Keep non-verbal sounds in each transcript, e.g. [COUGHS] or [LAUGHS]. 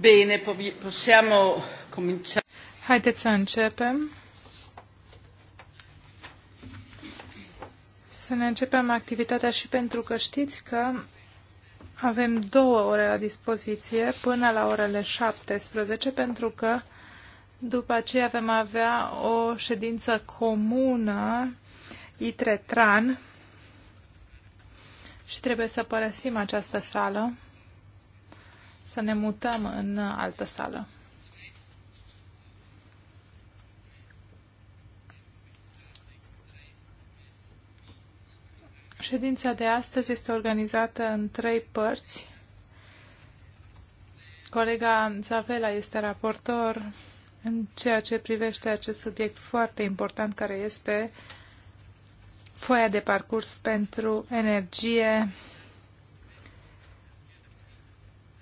Bine, possiamo comincia. Haideți să începem. Să ne începem activitatea și pentru că știți că avem două ore la dispoziție până la orele 17 pentru că după aceea vom avea o ședință comună ITRE-TRAN și trebuie să părăsim această sală să ne mutăm în altă sală. Ședința de astăzi este organizată în trei părți. Colega Zavela este raportor în ceea ce privește acest subiect foarte important care este foaia de parcurs pentru energie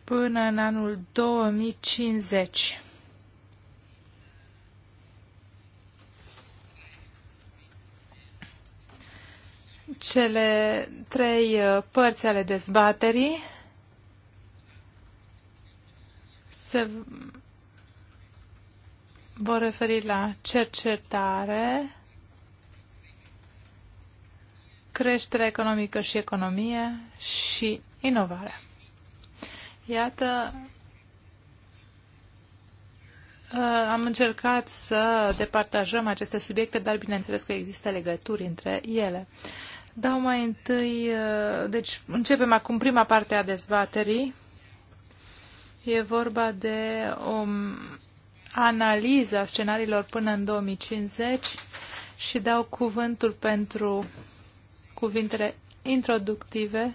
până în anul 2050. Cele trei uh, părți ale dezbaterii se vor referi la cercetare, creștere economică și economie și inovare. Iată, uh, am încercat să departajăm aceste subiecte, dar bineînțeles că există legături între ele. Dau mai întâi, uh, deci începem acum prima parte a dezbaterii. E vorba de o analiză a scenariilor până în 2050 și dau cuvântul pentru cuvintele introductive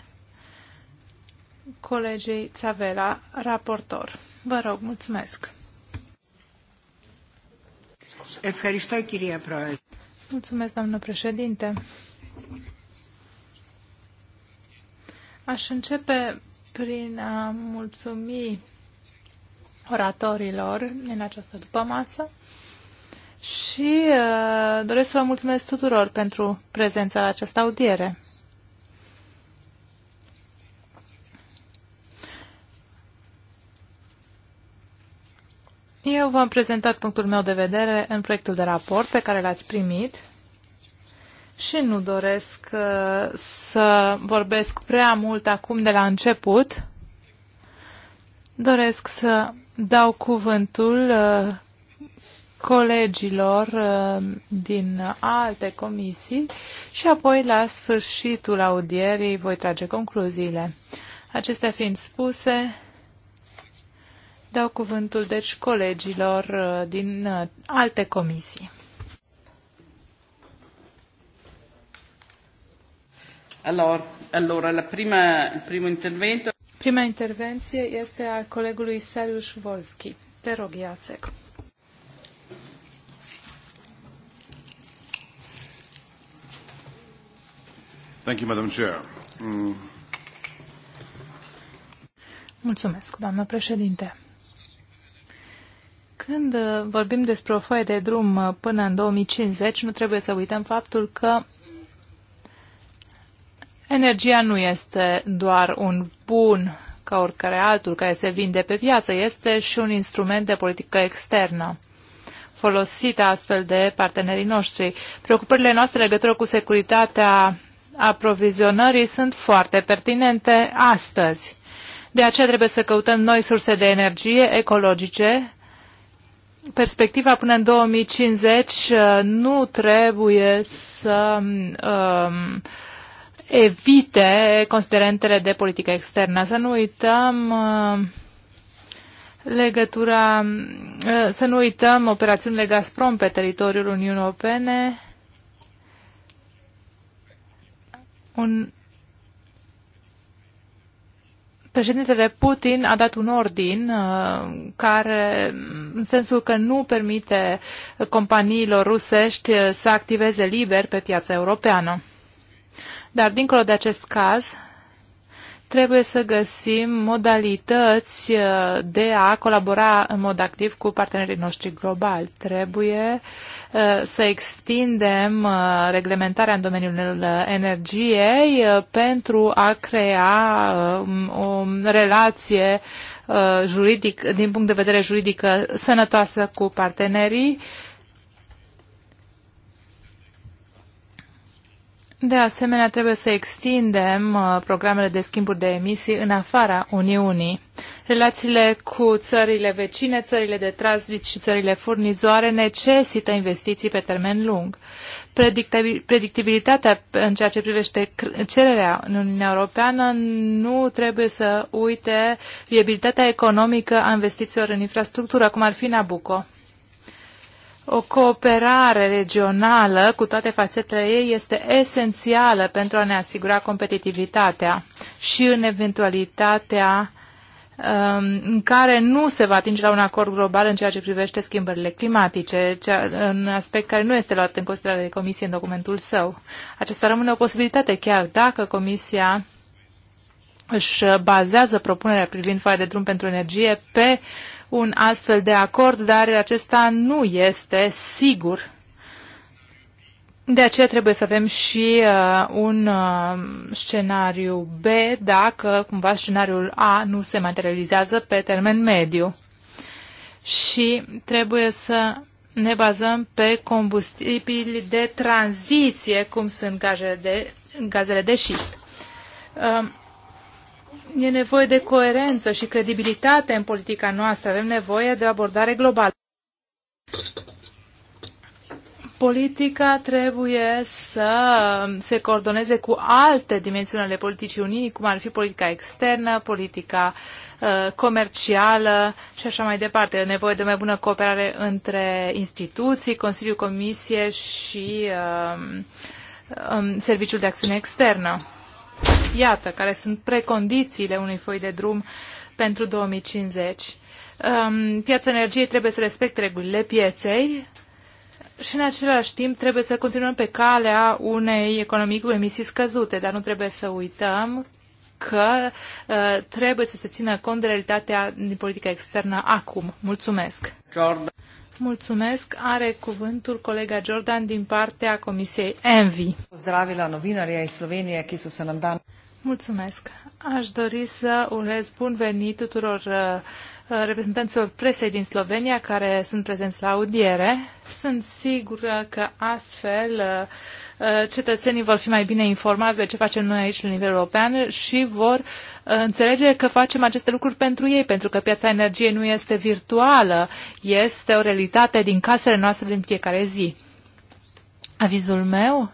colegei Țavela, raportor. Vă rog, mulțumesc. Mulțumesc, doamnă președinte. Aș începe prin a mulțumi oratorilor în această dupămasă și uh, doresc să vă mulțumesc tuturor pentru prezența la această audiere. Eu v-am prezentat punctul meu de vedere în proiectul de raport pe care l-ați primit și nu doresc uh, să vorbesc prea mult acum de la început. Doresc să dau cuvântul uh, colegilor uh, din alte comisii și apoi la sfârșitul audierii voi trage concluziile. Acestea fiind spuse, Dau cuvântul, deci, colegilor uh, din uh, alte comisii. Allora, la prima, primul intervento. Prima intervenție este a colegului Sarius Volski. Te rog, Iacek. Thank you, Madam Chair. Mm. Mulțumesc, doamnă președinte. Când uh, vorbim despre o foaie de drum uh, până în 2050, nu trebuie să uităm faptul că energia nu este doar un bun ca oricare altul care se vinde pe piață, este și un instrument de politică externă folosită astfel de partenerii noștri. Preocupările noastre legătură cu securitatea aprovizionării sunt foarte pertinente astăzi. De aceea trebuie să căutăm noi surse de energie ecologice perspectiva până în 2050 uh, nu trebuie să um, um, evite considerentele de politică externă. Să nu uităm uh, legătura, uh, să nu uităm operațiunile Gazprom pe teritoriul Uniunii Europene. Un Președintele Putin a dat un ordin uh, care, în sensul că nu permite companiilor rusești uh, să activeze liber pe piața europeană. Dar, dincolo de acest caz, trebuie să găsim modalități uh, de a colabora în mod activ cu partenerii noștri globali. Trebuie Uh, să extindem uh, reglementarea în domeniul uh, energiei pentru a crea um, o relație juridic, din punct de vedere juridic sănătoasă cu partenerii De asemenea, trebuie să extindem uh, programele de schimburi de emisii în afara Uniunii. Relațiile cu țările vecine, țările de tranzit și țările furnizoare necesită investiții pe termen lung. Predictibilitatea în ceea ce privește cererea în Uniunea Europeană nu trebuie să uite viabilitatea economică a investițiilor în infrastructură, cum ar fi Nabucco. O cooperare regională cu toate fațetele ei este esențială pentru a ne asigura competitivitatea și în eventualitatea um, în care nu se va atinge la un acord global în ceea ce privește schimbările climatice, un aspect care nu este luat în considerare de Comisie în documentul său. Aceasta rămâne o posibilitate, chiar dacă Comisia își bazează propunerea privind foaia de drum pentru energie pe un astfel de acord, dar acesta nu este sigur. De aceea trebuie să avem și uh, un uh, scenariu B dacă cumva scenariul A nu se materializează pe termen mediu. Și trebuie să ne bazăm pe combustibili de tranziție, cum sunt gazele de, gazele de șist. Uh, e nevoie de coerență și credibilitate în politica noastră. Avem nevoie de o abordare globală. Politica trebuie să se coordoneze cu alte dimensiuni ale politicii Uniunii, cum ar fi politica externă, politica uh, comercială și așa mai departe. E nevoie de mai bună cooperare între instituții, Consiliul Comisie și um, um Serviciul de Acțiune Externă. Iată, care sunt precondițiile unei foi de drum pentru 2050. Um, piața energiei trebuie să respecte regulile pieței și în același timp trebuie să continuăm pe calea unei economii cu emisii scăzute, dar nu trebuie să uităm că uh, trebuie să se țină cont de realitatea din politica externă acum. Mulțumesc! Jordan. Mulțumesc. Are cuvântul colega Jordan din partea Comisiei Envi. Pozdravila novinarja iz Slovenije, ki so se Mulțumesc. Aș dori să urez bun venit tuturor uh, uh, reprezentanților presei din Slovenia care sunt prezenți la audiere. Sunt sigură că astfel uh, Uh, cetățenii vor fi mai bine informați de ce facem noi aici la nivel european și vor uh, înțelege că facem aceste lucruri pentru ei, pentru că piața energiei nu este virtuală, este o realitate din casele noastre din fiecare zi. Avizul meu,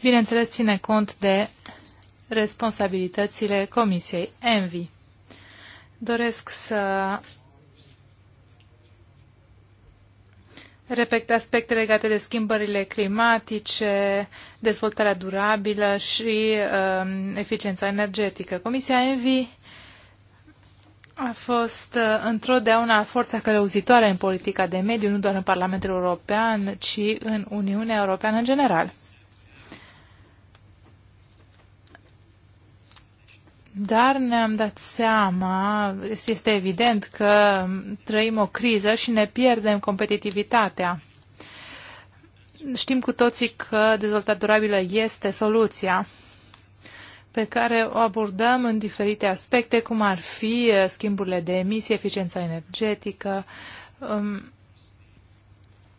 bineînțeles, ține cont de responsabilitățile Comisiei Envi. Doresc să Repet aspecte legate de schimbările climatice, dezvoltarea durabilă și um, eficiența energetică. Comisia ENVI a fost uh, întotdeauna forța călăuzitoare în politica de mediu, nu doar în Parlamentul European, ci în Uniunea Europeană în general. Dar ne-am dat seama, este evident că trăim o criză și ne pierdem competitivitatea. Știm cu toții că dezvoltarea durabilă este soluția pe care o abordăm în diferite aspecte, cum ar fi eh, schimburile de emisii, eficiența energetică, um,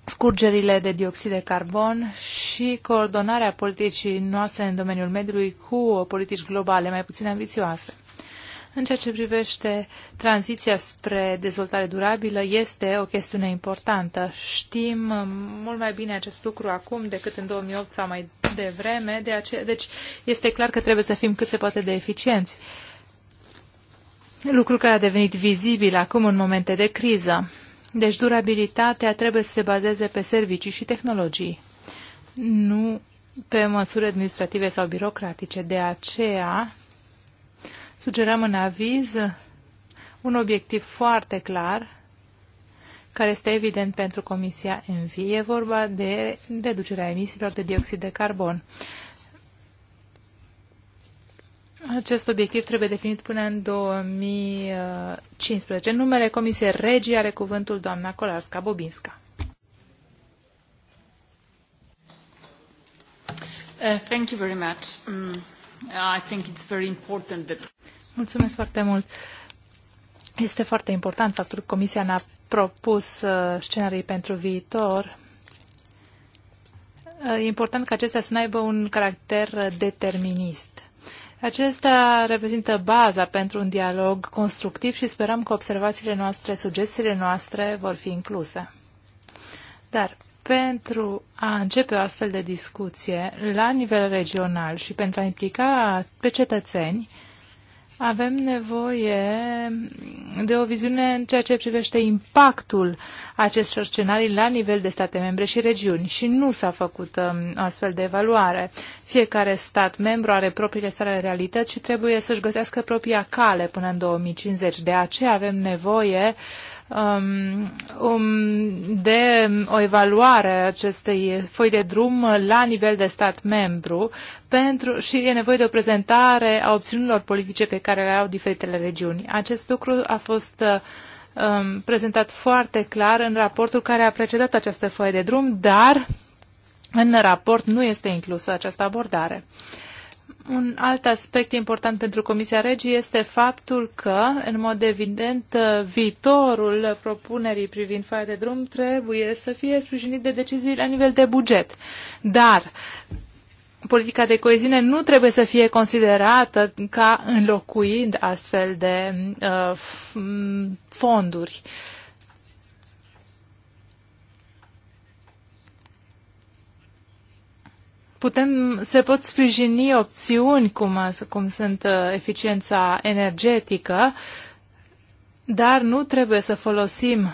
scurgerile de dioxid de carbon și coordonarea politicii noastre în domeniul mediului cu politici globale mai puțin ambițioase. În ceea ce privește tranziția spre dezvoltare durabilă, este o chestiune importantă. Știm mult mai bine acest lucru acum decât în 2008 sau mai devreme, de ace- deci este clar că trebuie să fim cât se poate de eficienți. Lucru care a devenit vizibil acum în momente de criză. Deci durabilitatea trebuie să se bazeze pe servicii și tehnologii, nu pe măsuri administrative sau birocratice. De aceea sugerăm în aviz un obiectiv foarte clar care este evident pentru Comisia Envie, E vorba de reducerea emisiilor de dioxid de carbon. Acest obiectiv trebuie definit până în 2015. În numele Comisiei Regii are cuvântul doamna Kolarska Bobinska. Uh, thank you very much. Mm, I think it's very important that... Mulțumesc foarte mult. Este foarte important faptul că Comisia ne-a propus uh, scenarii pentru viitor. Uh, e important ca acestea să aibă un caracter determinist acesta reprezintă baza pentru un dialog constructiv și sperăm că observațiile noastre, sugestiile noastre vor fi incluse. Dar pentru a începe o astfel de discuție la nivel regional și pentru a implica pe cetățeni, avem nevoie de o viziune în ceea ce privește impactul acestor scenarii la nivel de state membre și regiuni și nu s-a făcut um, o astfel de evaluare. Fiecare stat membru are propriile sale realități și trebuie să-și găsească propria cale până în 2050. De aceea avem nevoie uh, Um, um, de um, o evaluare a acestei foi de drum la nivel de stat membru pentru, și e nevoie de o prezentare a opțiunilor politice pe care le au diferitele regiuni. Acest lucru a fost uh, um, prezentat foarte clar în raportul care a precedat această foaie de drum, dar în raport nu este inclusă această abordare. Uh, un alt aspect important pentru Comisia Regii este faptul că, în mod evident, viitorul propunerii privind foaia de drum trebuie să fie sprijinit de decizii la nivel de buget. Dar politica de coeziune nu trebuie să fie considerată ca înlocuind astfel de uh, fonduri. Uh, putem, se pot sprijini opțiuni cum, cum sunt uh, eficiența energetică, dar nu trebuie să folosim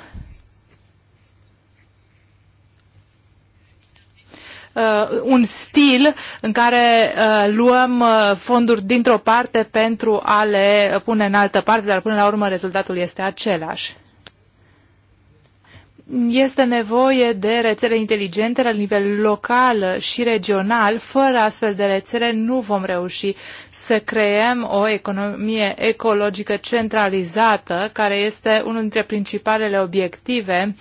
uh, un stil în care uh, luăm uh, fonduri dintr-o parte pentru a le pune în altă parte, dar până la urmă rezultatul este același este nevoie de rețele inteligente la nivel local și regional. Fără astfel de rețele nu vom reuși să creăm o economie ecologică centralizată, care este unul dintre principalele obiective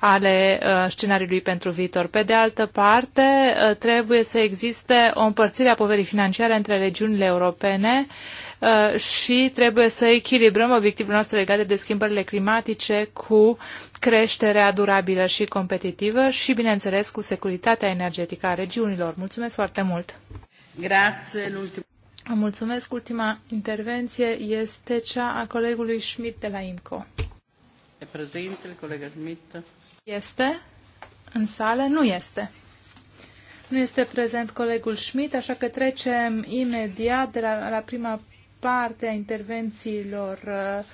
ale uh, scenariului pentru viitor. Pe de altă parte, uh, trebuie să existe o împărțire a poverii financiare între regiunile europene, uh, Uh, și trebuie să echilibrăm obiectivele noastre legate de schimbările climatice cu creșterea durabilă și competitivă și, bineînțeles, cu securitatea energetică a regiunilor. Mulțumesc foarte mult! Grazie, Mulțumesc. Ultima intervenție este cea a colegului Schmidt de la IMCO. E prezent, colega Schmidt? Este? În sală? Nu este. Nu este prezent colegul Schmidt, așa că trecem imediat de la, la prima parte a intervențiilor uh,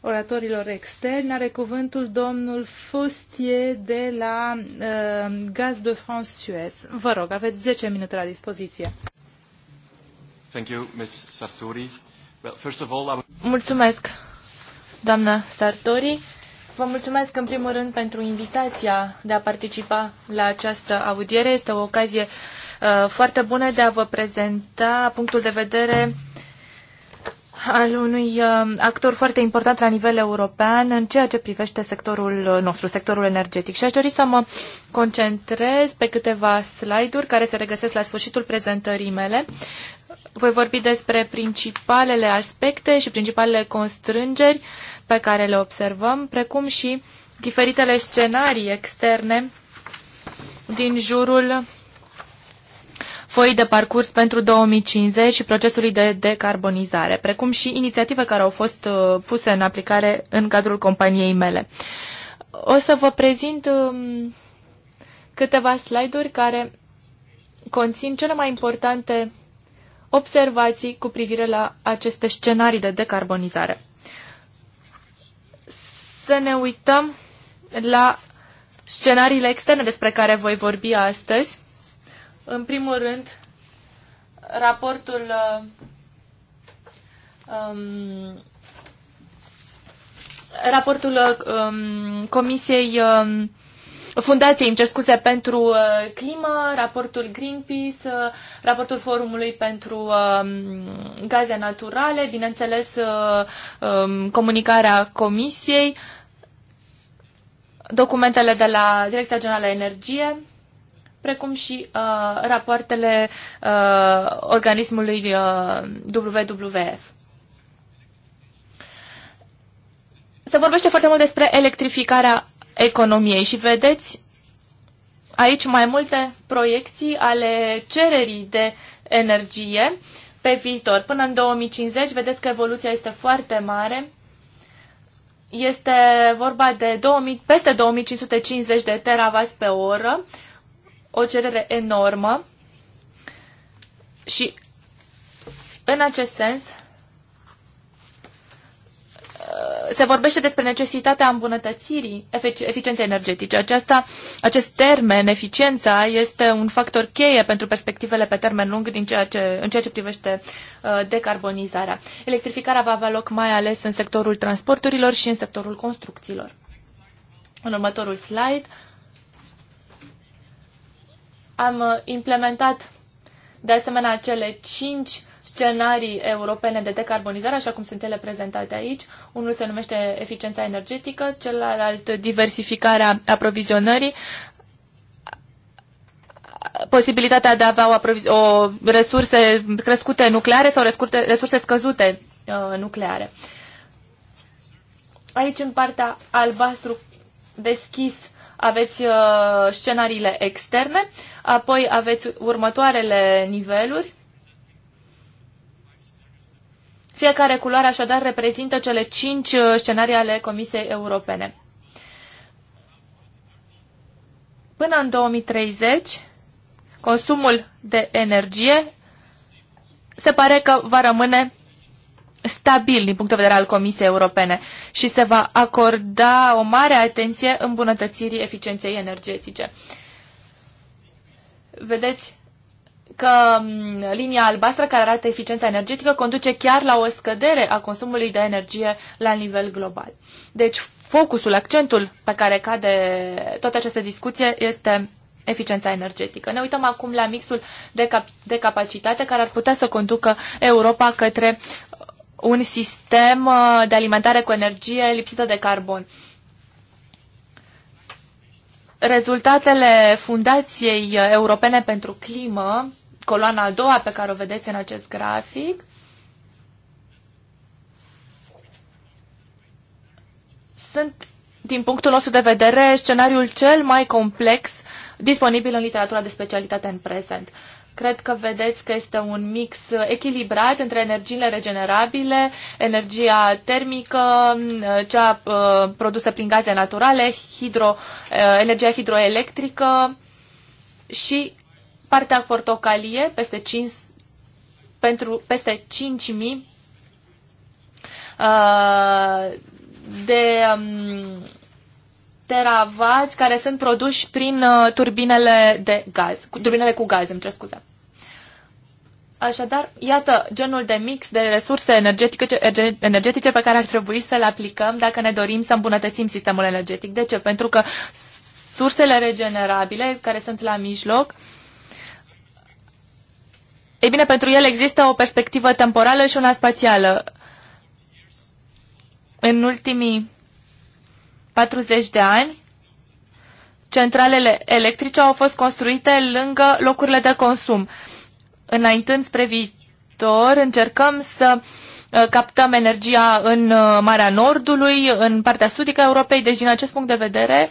oratorilor externi. Are cuvântul domnul Fostier de la uh, Gaz de France Suez. Vă rog, aveți 10 minute la dispoziție. Thank you, Ms. Sartori. Well, first of all, I... Mulțumesc, doamna Sartori. Vă mulțumesc în primul rând pentru invitația de a participa la această audiere. Este o ocazie uh, foarte bună de a vă prezenta punctul de vedere al unui uh, actor foarte important la nivel european în ceea ce privește sectorul uh, nostru, sectorul energetic. Și aș dori să mă concentrez pe câteva slide-uri care se regăsesc la sfârșitul prezentării mele. Voi vorbi despre principalele aspecte și principalele constrângeri pe care le observăm, precum și diferitele scenarii externe din jurul foii de parcurs pentru 2050 și procesului de decarbonizare, precum și inițiative care au fost uh, puse în aplicare în cadrul companiei mele. O să vă prezint um, câteva slide-uri care conțin cele mai importante observații cu privire la aceste scenarii de decarbonizare. Să ne uităm la scenariile externe despre care voi vorbi astăzi. În primul rând, raportul uh, um, raportul uh, um, Comisiei um, Fundației, îmi cer scuze, pentru uh, climă, raportul Greenpeace, uh, raportul Forumului pentru uh, gaze naturale, bineînțeles uh, um, comunicarea Comisiei, documentele de la Direcția Generală Energie, precum și uh, rapoartele uh, organismului uh, WWF. Se vorbește foarte mult despre electrificarea economiei și vedeți aici mai multe proiecții ale cererii de energie pe viitor. Până în 2050, vedeți că evoluția este foarte mare. Este vorba de 2000, peste 2550 de teravați pe oră o cerere enormă și în acest sens se vorbește despre necesitatea îmbunătățirii eficienței energetice. Aceasta, acest termen, eficiența, este un factor cheie pentru perspectivele pe termen lung din ceea ce, în ceea ce privește uh, decarbonizarea. Electrificarea va avea loc mai ales în sectorul transporturilor și în sectorul construcțiilor. În următorul slide, uh, am uh, implementat de asemenea cele cinci scenarii europene de decarbonizare, așa cum sunt ele prezentate aici. Unul se numește eficiența energetică, celălalt diversificarea aprovizionării, posibilitatea de a avea o, o resurse crescute nucleare sau resurse scăzute uh, nucleare. Aici, în partea albastru deschis, uh, aveți uh, scenariile externe, apoi aveți următoarele niveluri. Fiecare culoare așadar reprezintă cele cinci uh, scenarii ale Comisiei Europene. Până în 2030, consumul de energie se pare că va rămâne stabil din punct de vedere al Comisiei Europene și se va acorda o mare atenție îmbunătățirii eficienței energetice. Vedeți că mm, linia albastră care arată eficiența energetică conduce chiar la o scădere a consumului de energie la nivel global. Deci focusul, accentul pe care cade toată această discuție este eficiența energetică. Ne uităm acum la mixul de, cap- de capacitate care ar putea să conducă Europa către un sistem uh, de alimentare cu energie lipsită de carbon. Rezultatele Fundației Europene pentru Climă, coloana a doua pe care o vedeți în acest grafic, sunt, din punctul nostru de vedere, scenariul cel mai complex disponibil în literatura de specialitate în prezent. Cred că vedeți că este un mix echilibrat între energiile regenerabile, energia termică, cea uh, produsă prin gaze naturale, hidro, uh, energia hidroelectrică și partea portocalie peste 5, pentru peste 5.000 uh, de um, teravați care sunt produși prin turbinele de gaz, turbinele cu gaz, îmi cer scuze. Așadar, iată genul de mix de resurse energetice, pe care ar trebui să le aplicăm dacă ne dorim să îmbunătățim sistemul energetic. De ce? Pentru că sursele regenerabile care sunt la mijloc, ei bine, pentru ele există o perspectivă temporală și una spațială. În ultimii 40 de ani, centralele electrice au fost construite lângă locurile de consum înaintând spre viitor, încercăm să uh, captăm energia în uh, Marea Nordului, în partea sudică a Europei, deci din acest punct de vedere,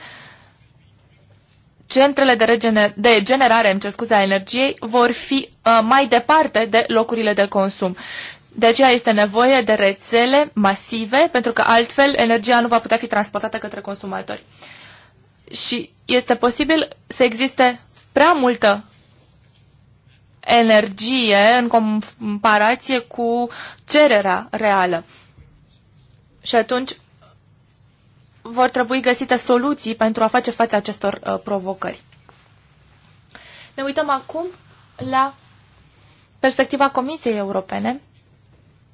centrele de, regener- de generare îmi cer scuze, a energiei vor fi uh, mai departe de locurile de consum. De aceea este nevoie de rețele masive, pentru că altfel energia nu va putea fi transportată către consumatori. Și este posibil să existe prea multă energie în comparație cu cererea reală. Și atunci vor trebui găsite soluții pentru a face față acestor uh, provocări. Ne uităm acum la perspectiva Comisiei Europene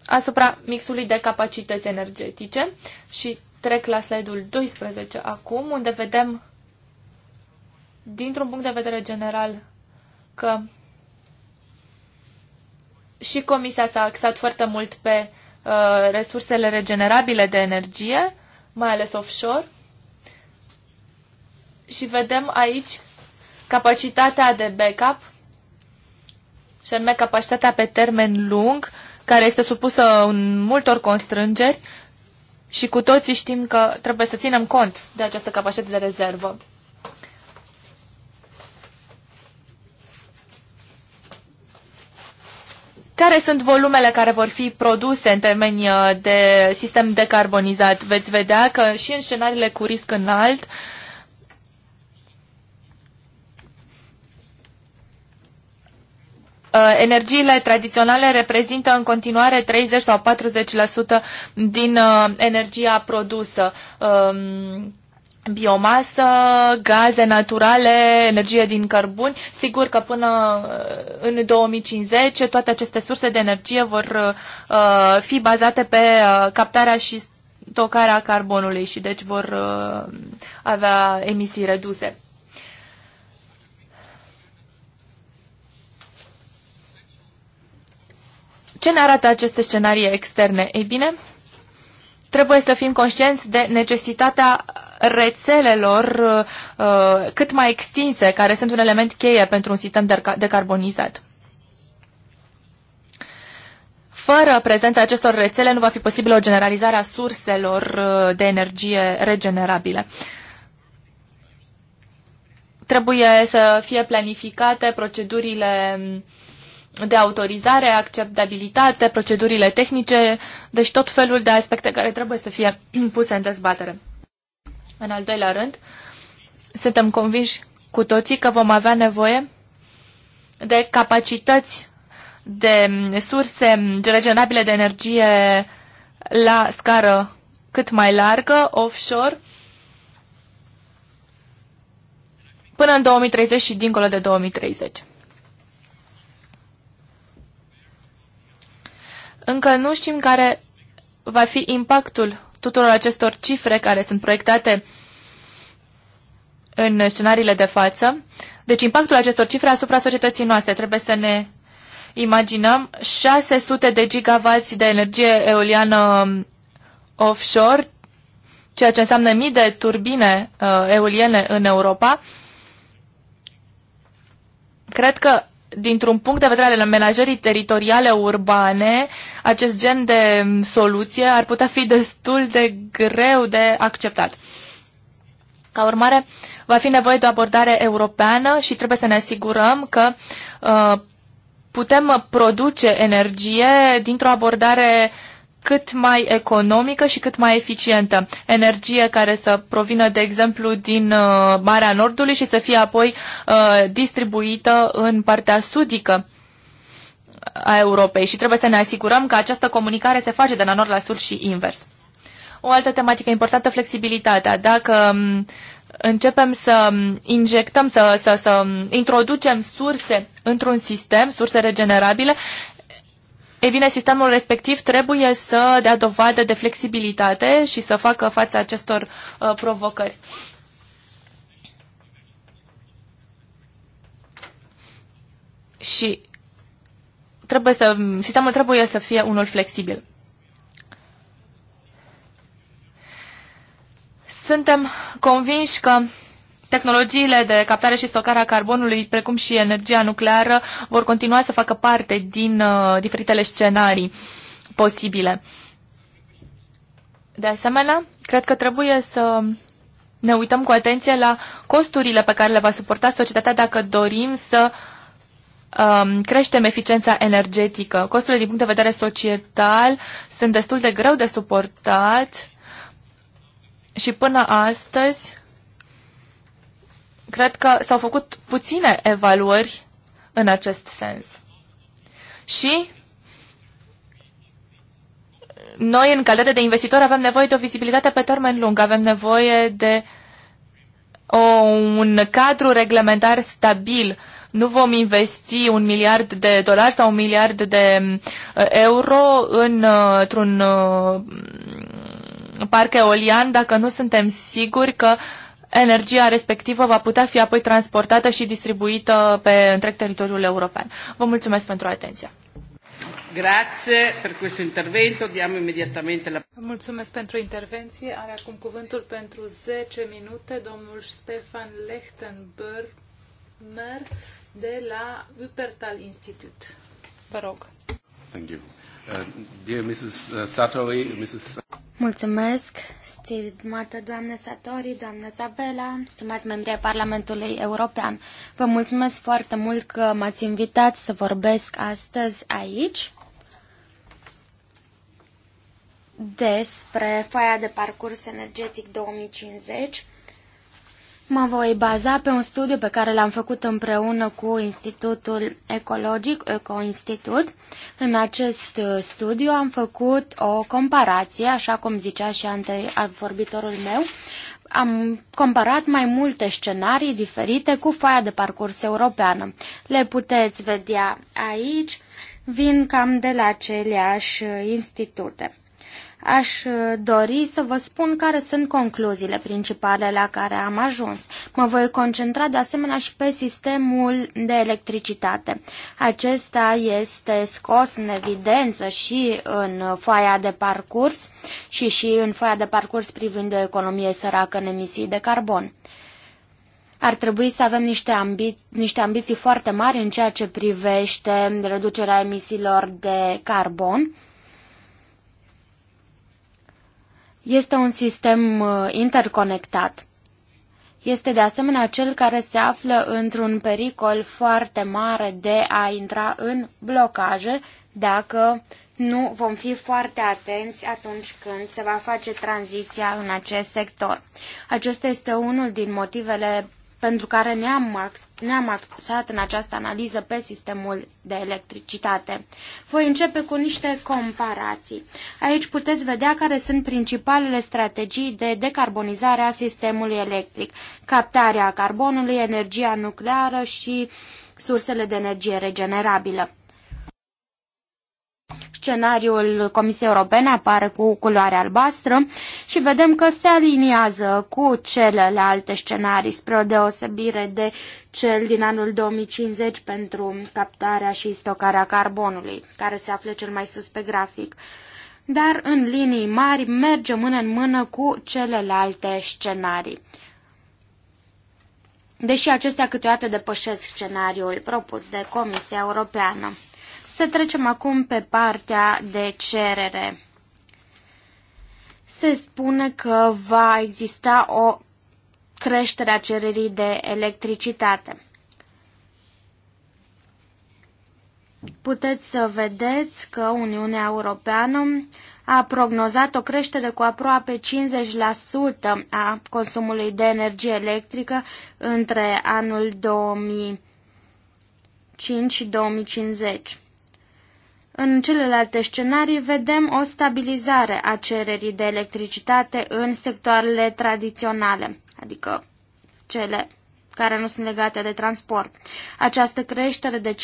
asupra mixului de capacități energetice și trec la slide-ul 12 acum, unde vedem dintr-un punct de vedere general că și Comisia s-a axat foarte mult pe uh, resursele regenerabile de energie, mai ales offshore. Și vedem aici capacitatea de backup și anume capacitatea pe termen lung, care este supusă în multor constrângeri și cu toții știm că trebuie să ținem cont de această capacitate de rezervă. care sunt volumele care vor fi produse în termeni uh, de sistem decarbonizat. Veți vedea că și în scenariile cu risc înalt uh, energiile tradiționale reprezintă în continuare 30 sau 40% din uh, energia produsă. Um, biomasă, gaze naturale, energie din cărbuni. Sigur că până uh, în 2050 toate aceste surse de energie vor uh, fi bazate pe uh, captarea și stocarea carbonului și deci vor uh, avea emisii reduse. Ce ne arată aceste scenarii externe? Ei bine, trebuie să fim conștienți de necesitatea rețelelor uh, uh, cât mai extinse, care sunt un element cheie pentru un sistem decarbonizat. Fără prezența acestor rețele nu va fi posibilă o generalizare a surselor uh, de energie regenerabile. Trebuie să fie planificate procedurile uh, de autorizare, acceptabilitate, procedurile tehnice, deci tot felul de aspecte care trebuie să fie [CLEARS THROAT] puse în dezbatere. În al doilea rând, suntem convinși cu toții că vom avea nevoie de capacități de surse regenerabile de energie la scară cât mai largă, offshore, până în 2030 și dincolo de 2030. Încă nu știm care va fi impactul tuturor acestor cifre care sunt proiectate în scenariile de față. Deci impactul acestor cifre asupra societății noastre trebuie să ne imaginăm 600 de gigavați de energie eoliană offshore, ceea ce înseamnă mii de turbine uh, eoliene în Europa. Cred că dintr-un punct de vedere al menajării teritoriale urbane, acest gen de soluție ar putea fi destul de greu de acceptat. Ca urmare, va fi nevoie de o abordare europeană și trebuie să ne asigurăm că uh, putem produce energie dintr-o abordare cât mai economică și cât mai eficientă. Energie care să provină, de exemplu, din uh, Marea Nordului și să fie apoi uh, distribuită în partea sudică a Europei și trebuie să ne asigurăm că această comunicare se face de la nord la sud și invers. O altă tematică importantă, flexibilitatea. Dacă um, începem să um, injectăm, să, să, să um, introducem surse într-un sistem, surse regenerabile, ei bine, sistemul respectiv trebuie să dea dovadă de flexibilitate și să facă față acestor uh, provocări. Și trebuie să, sistemul trebuie să fie unul flexibil. Suntem convinși că Tehnologiile de captare și stocare a carbonului, precum și energia nucleară, vor continua să facă parte din uh, diferitele scenarii posibile. De asemenea, cred că trebuie să ne uităm cu atenție la costurile pe care le va suporta societatea dacă dorim să um, creștem eficiența energetică. Costurile din punct de vedere societal sunt destul de greu de suportat și până astăzi cred că s-au făcut puține evaluări în acest sens. Și noi, în calitate de investitori, avem nevoie de o vizibilitate pe termen lung, avem nevoie de o, un cadru reglementar stabil. Nu vom investi un miliard de dolari sau un miliard de uh, euro în, uh, într-un uh, parc eolian dacă nu suntem siguri că uh, energia respectivă va putea fi apoi transportată și distribuită pe întreg teritoriul european. Vă mulțumesc pentru atenție. Grazie per questo intervento. Diamo immediatamente la... Mulțumesc pentru intervenție. Are acum cuvântul pentru 10 minute domnul Stefan Lechtenberger de la Wuppertal Institute. Vă rog. Thank you. Uh, dear Mrs. Uh, Satterley, Mrs. Mulțumesc, stimată doamnă Satori, doamnă Zabela, stimați membri ai Parlamentului European. Vă mulțumesc foarte mult că m-ați invitat să vorbesc astăzi aici despre foaia de parcurs energetic 2050 Mă voi baza pe un studiu pe care l-am făcut împreună cu Institutul Ecologic, Ecoinstitut. În acest uh, studiu am făcut o comparație, așa cum zicea și ante vorbitorul meu, am comparat mai multe scenarii diferite cu foaia de parcurs europeană. Le puteți vedea aici, vin cam de la aceleași uh, institute. Aș uh, dori să vă spun care sunt concluziile principale la care am ajuns. Mă voi concentra de asemenea și pe sistemul de electricitate. Acesta este scos în evidență și în foaia de parcurs și și în foaia de parcurs privind o economie săracă în emisii de carbon ar trebui să avem niște, ambi- niște ambiții foarte mari în ceea ce privește reducerea emisiilor de carbon. Este un sistem uh, interconectat. Este de asemenea cel care se află într-un pericol foarte mare de a intra în blocaje dacă nu vom fi foarte atenți atunci când se va face tranziția în acest sector. Acesta este unul din motivele pentru care ne-am, ne axat în această analiză pe sistemul de electricitate. Voi începe cu niște comparații. Aici puteți vedea care sunt principalele strategii de decarbonizare a sistemului electric, captarea carbonului, energia nucleară și sursele de energie regenerabilă. Scenariul Comisiei Europene apare cu culoare albastră și vedem că se aliniază cu celelalte scenarii, spre o deosebire de cel din anul 2050 pentru captarea și stocarea carbonului, care se află cel mai sus pe grafic. Dar, în linii mari, merge mână în mână cu celelalte scenarii. Deși acestea câteodată depășesc scenariul propus de Comisia Europeană. Să trecem acum pe partea de cerere. Se spune că va exista o creștere a cererii de electricitate. Puteți să vedeți că Uniunea Europeană a prognozat o creștere cu aproape 50% a consumului de energie electrică între anul 2005 și 2050. În celelalte scenarii vedem o stabilizare a cererii de electricitate în sectoarele tradiționale, adică cele care nu sunt legate de transport. Această creștere de 50%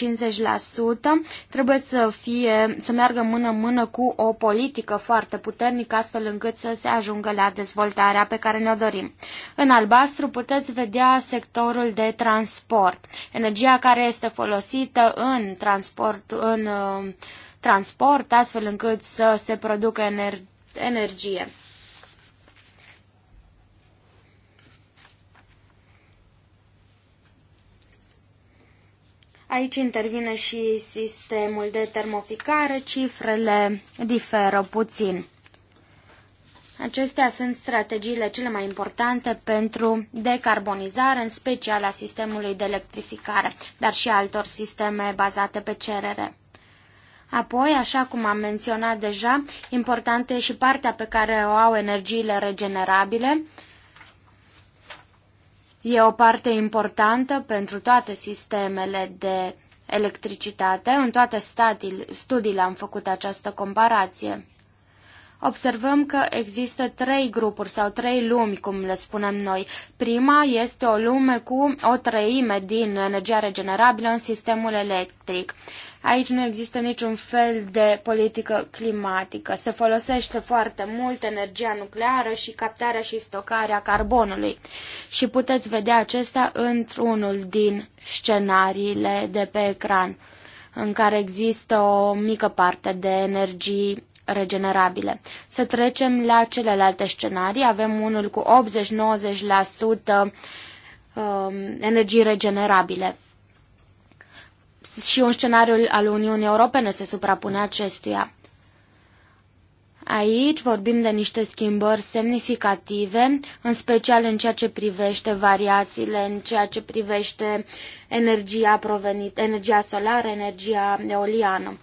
trebuie să, fie, să meargă mână-mână cu o politică foarte puternică, astfel încât să se ajungă la dezvoltarea pe care ne-o dorim. În albastru puteți vedea sectorul de transport, energia care este folosită în transport, în, uh, transport astfel încât să se producă ener- energie. Aici intervine și sistemul de termoficare, cifrele diferă puțin. Acestea sunt strategiile cele mai importante pentru decarbonizare, în special a sistemului de electrificare, dar și altor sisteme bazate pe cerere. Apoi, așa cum am menționat deja, importantă e și partea pe care o au energiile regenerabile, E o parte importantă pentru toate sistemele de electricitate. În toate studiile am făcut această comparație. Observăm că există trei grupuri sau trei lumi, cum le spunem noi. Prima este o lume cu o treime din energia regenerabilă în sistemul electric. Aici nu există niciun fel de politică climatică. Se folosește foarte mult energia nucleară și captarea și stocarea carbonului. Și puteți vedea acesta într-unul din scenariile de pe ecran, în care există o mică parte de energii regenerabile. Să trecem la celelalte scenarii. Avem unul cu 80-90% um, energii regenerabile și un scenariu al Uniunii Europene se suprapune acestuia. Aici vorbim de niște schimbări semnificative, în special în ceea ce privește variațiile, în ceea ce privește energia, provenit, energia solară, energia eoliană.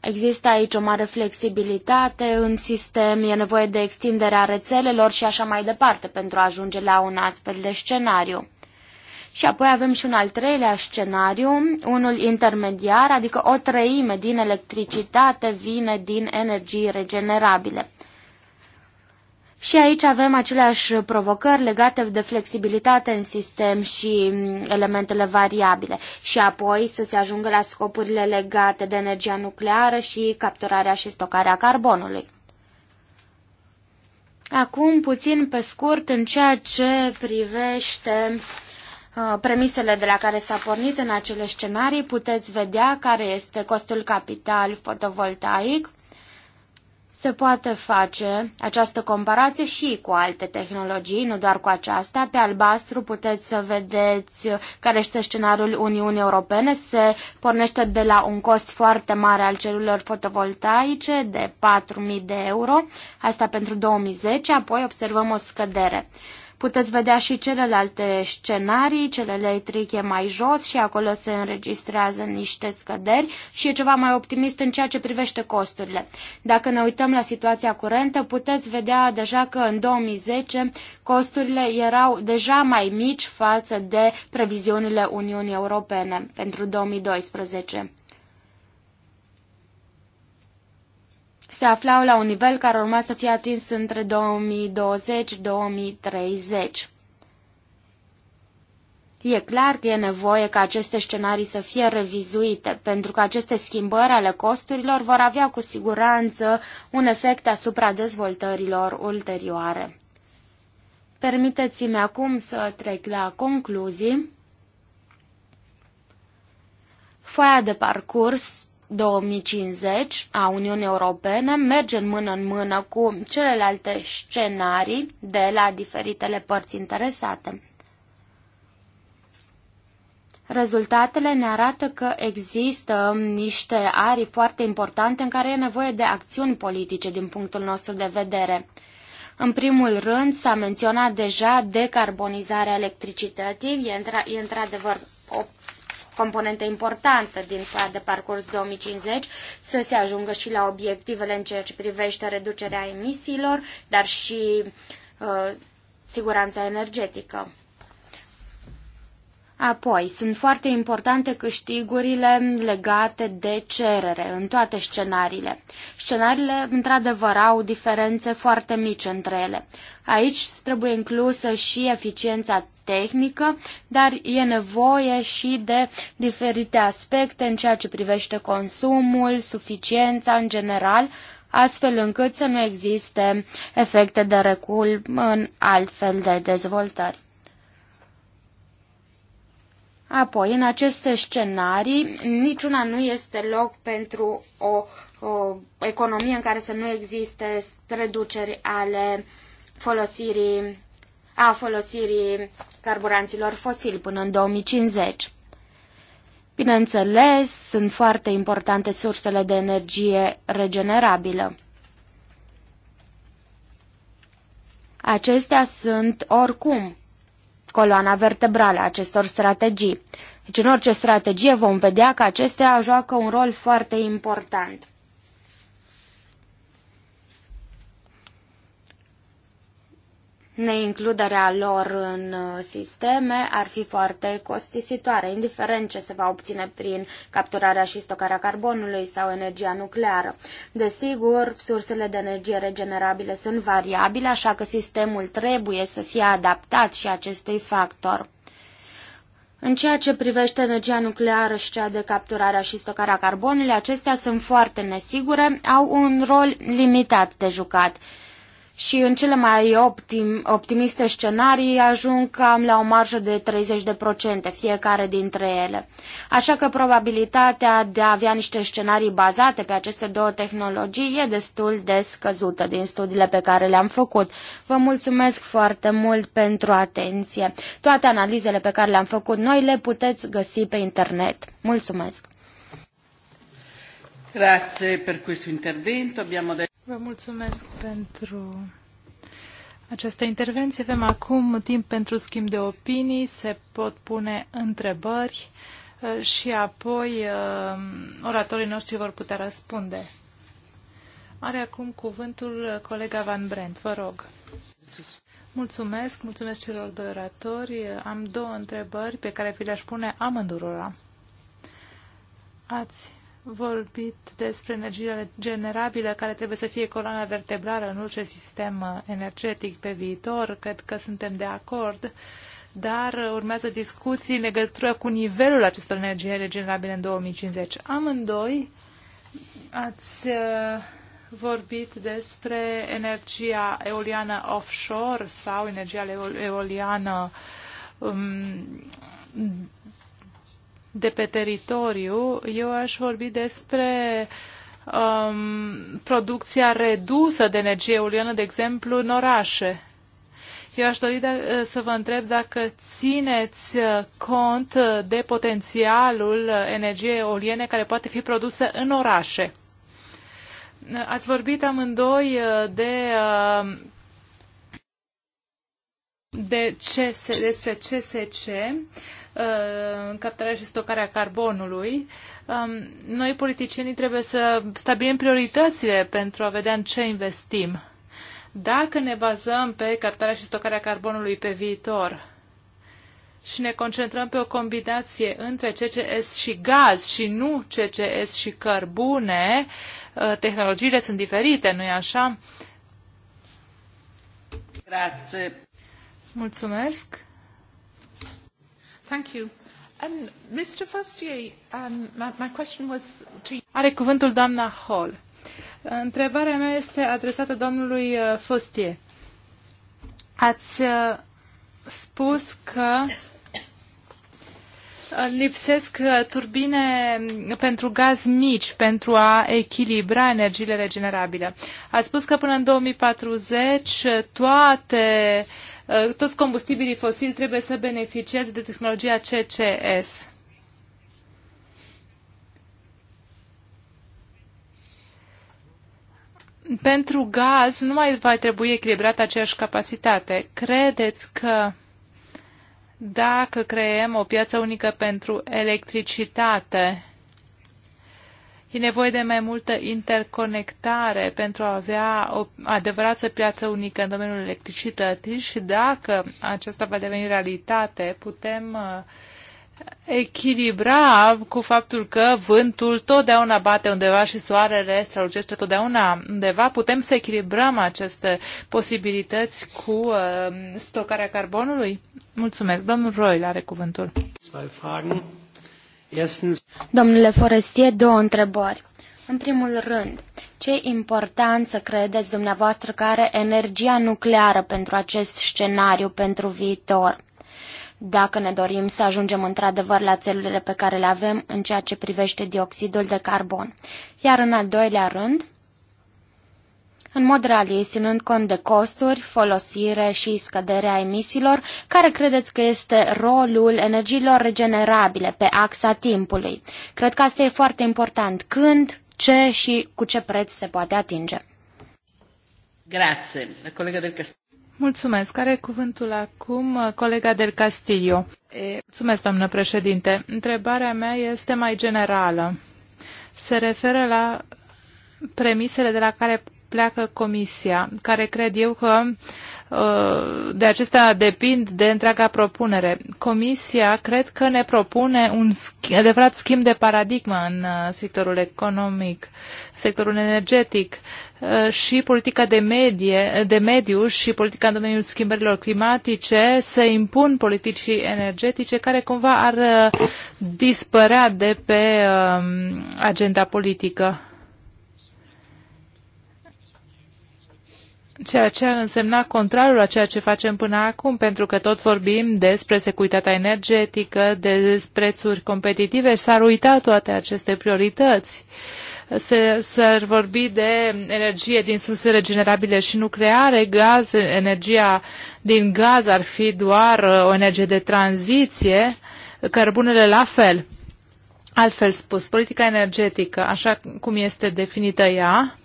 Există aici o mare flexibilitate în sistem, e nevoie de extinderea rețelelor și așa mai departe pentru a ajunge la un astfel de scenariu. Și apoi avem și un al treilea scenariu, unul intermediar, adică o treime din electricitate vine din energii regenerabile. Și aici avem aceleași provocări legate de flexibilitate în sistem și mm, elementele variabile. Și apoi să se ajungă la scopurile legate de energia nucleară și capturarea și stocarea carbonului. Acum, puțin pe scurt, în ceea ce privește Uh, premisele de la care s-a pornit în acele scenarii, puteți vedea care este costul capital fotovoltaic. Se poate face această comparație și cu alte tehnologii, nu doar cu aceasta. Pe albastru puteți să vedeți care este scenariul Uniunii Europene. Se pornește de la un cost foarte mare al celulelor fotovoltaice de 4.000 de euro, asta pentru 2010, apoi observăm o scădere. Puteți vedea și celelalte scenarii, celele electric mai jos și acolo se înregistrează niște scăderi și e ceva mai optimist în ceea ce privește costurile. Dacă ne uităm la situația curentă, puteți vedea deja că în 2010 costurile erau deja mai mici față de previziunile Uniunii Europene pentru 2012. se aflau la un nivel care urma să fie atins între 2020-2030. E clar că e nevoie ca aceste scenarii să fie revizuite, pentru că aceste schimbări ale costurilor vor avea cu siguranță un efect asupra dezvoltărilor ulterioare. Permiteți-mi acum să trec la concluzii. Foaia de parcurs 2050 a Uniunii Europene merge mână în mână cu celelalte scenarii de la diferitele părți interesate. Rezultatele ne arată că există niște arii foarte importante în care e nevoie de acțiuni politice din punctul nostru de vedere. În primul rând, s-a menționat deja decarbonizarea electricității, e, într-adevăr o componentă importantă din foaia de parcurs 2050, să se ajungă și la obiectivele în ceea ce privește reducerea emisiilor, dar și uh, siguranța energetică. Apoi, sunt foarte importante câștigurile legate de cerere în toate scenariile. Scenariile, într-adevăr, au diferențe foarte mici între ele. Aici trebuie inclusă și eficiența tehnică, dar e nevoie și de diferite aspecte în ceea ce privește consumul, suficiența în general, astfel încât să nu existe efecte de recul în altfel de dezvoltări. Apoi, în aceste scenarii, niciuna nu este loc pentru o, o economie în care să nu existe reduceri ale folosirii, a folosirii carburanților fosili până în 2050. Bineînțeles, sunt foarte importante sursele de energie regenerabilă. Acestea sunt oricum coloana vertebrală a acestor strategii. Deci în orice strategie vom vedea că acestea joacă un rol foarte important. neincluderea lor în uh, sisteme ar fi foarte costisitoare, indiferent ce se va obține prin capturarea și stocarea carbonului sau energia nucleară. Desigur, sursele de energie regenerabile sunt variabile, așa că sistemul trebuie să fie adaptat și acestui factor. În ceea ce privește energia nucleară și cea de capturarea și stocarea carbonului, acestea sunt foarte nesigure, au un rol limitat de jucat și în cele mai optim, optimiste scenarii ajung cam la o marjă de 30% fiecare dintre ele. Așa că probabilitatea de a avea niște scenarii bazate pe aceste două tehnologii e destul de scăzută din studiile pe care le-am făcut. Vă mulțumesc foarte mult pentru atenție. Toate analizele pe care le-am făcut noi le puteți găsi pe internet. Mulțumesc! Grazie per questo intervento. Abbiamo de- Vă mulțumesc pentru această intervenție. Avem acum timp pentru schimb de opinii, se pot pune întrebări uh, și apoi uh, oratorii noștri vor putea răspunde. Are acum cuvântul uh, colega Van Brent, vă rog. Mulțumesc, mulțumesc celor doi oratori. Am două întrebări pe care vi le-aș pune amândurora. Ați vorbit despre energiile generabile care trebuie să fie coloana vertebrală în orice sistem uh, energetic pe viitor. Cred că suntem de acord, dar urmează discuții în legătură cu nivelul acestor energie regenerabile în 2050. Amândoi ați uh, vorbit despre energia eoliană offshore sau energia eoliană um, de pe teritoriu, eu aș vorbi despre um, producția redusă de energie eoliană, de exemplu, în orașe. Eu aș dori de, uh, să vă întreb dacă țineți uh, cont de potențialul energiei eoliene care poate fi produsă în orașe. Ați vorbit amândoi uh, de, de CS, despre CSC Uh, captarea și stocarea carbonului. Um, noi, politicienii, trebuie să stabilim prioritățile pentru a vedea în ce investim. Dacă ne bazăm pe captarea și stocarea carbonului pe viitor și ne concentrăm pe o combinație între CCS și gaz și nu CCS și cărbune, uh, tehnologiile sunt diferite, nu-i așa? Grazie. Mulțumesc. Um, um, Are cuvântul doamna Hall. Întrebarea mea este adresată domnului uh, Fostier. Ați uh, spus că uh, lipsesc turbine pentru gaz mici pentru a echilibra energiile regenerabile. Ați spus că până în 2040 toate Uh, toți combustibilii fosili trebuie să beneficieze de tehnologia CCS. Pentru gaz nu mai va trebui echilibrat aceeași capacitate. Credeți că dacă creăm o piață unică pentru electricitate, E nevoie de mai multă interconectare pentru a avea o adevărată piață unică în domeniul electricității și dacă aceasta va deveni realitate, putem uh, echilibra cu faptul că vântul totdeauna bate undeva și soarele strălucește totdeauna undeva, putem să echilibrăm aceste posibilități cu uh, stocarea carbonului? Mulțumesc. Domnul Roy are cuvântul. Domnule Forestier, două întrebări. În primul rând, ce importanță credeți dumneavoastră că are energia nucleară pentru acest scenariu pentru viitor? Dacă ne dorim să ajungem într-adevăr la țelurile pe care le avem în ceea ce privește dioxidul de carbon. Iar în al doilea rând, în mod realist, ținând cont de costuri, folosire și scăderea emisiilor, care credeți că este rolul energiilor regenerabile pe axa timpului? Cred că asta e foarte important. Când, ce și cu ce preț se poate atinge? Grazie. La colega del Castillo. Mulțumesc. cuvântul acum colega del Castillo. Mulțumesc, doamnă președinte. Întrebarea mea este mai generală. Se referă la premisele de la care pleacă Comisia, care cred eu că uh, de acesta depind de întreaga propunere. Comisia cred că ne propune un adevărat schimb de paradigmă în uh, sectorul economic, sectorul energetic uh, și politica de, medie, de mediu și politica în domeniul schimbărilor climatice se impun politicii energetice care cumva ar dispărea de pe um, agenda politică. ceea ce ar însemna contrarul a ceea ce facem până acum, pentru că tot vorbim despre securitatea energetică, despre prețuri competitive și s-ar uita toate aceste priorități. S-ar vorbi de energie din surse regenerabile și nucleare, gaz, energia din gaz ar fi doar uh, o energie de tranziție, cărbunele la fel. Altfel spus, politica energetică, așa cum este definită ea,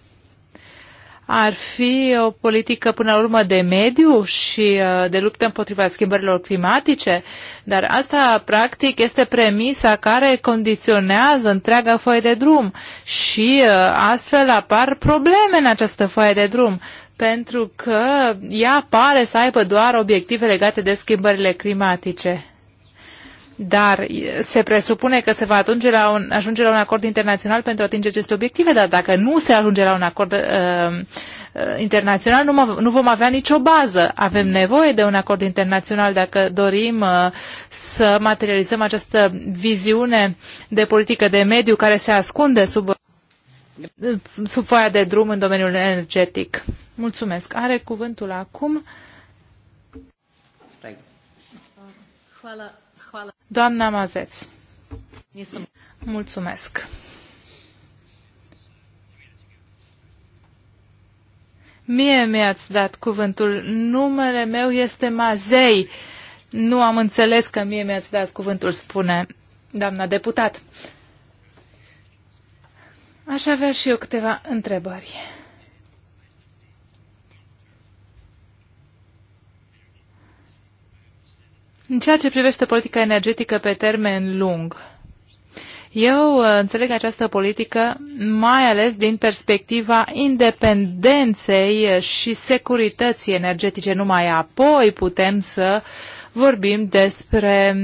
ar fi o politică până la urmă de mediu și uh, de luptă împotriva schimbărilor climatice, dar asta practic este premisa care condiționează întreaga foaie de drum și uh, astfel apar probleme în această foaie de drum pentru că ea pare să aibă doar obiective legate de schimbările climatice dar se presupune că se va atunge la un, ajunge la un acord internațional pentru a atinge aceste obiective, dar dacă nu se ajunge la un acord uh, uh internațional, nu, nu vom avea nicio bază. Avem nevoie de un acord internațional dacă dorim uh, să materializăm această viziune de politică de mediu care se ascunde sub, sub foaia de drum în domeniul energetic. Mulțumesc. Are cuvântul acum. Hvala Doamna Mazeț. Mulțumesc. Mie mi-ați dat cuvântul. Numele meu este Mazei. Nu am înțeles că mie mi-ați dat cuvântul, spune doamna deputat. Aș avea și eu câteva întrebări. În ceea ce privește politica energetică pe termen lung, eu uh, înțeleg această politică mai ales din perspectiva independenței și securității energetice. Numai apoi putem să vorbim despre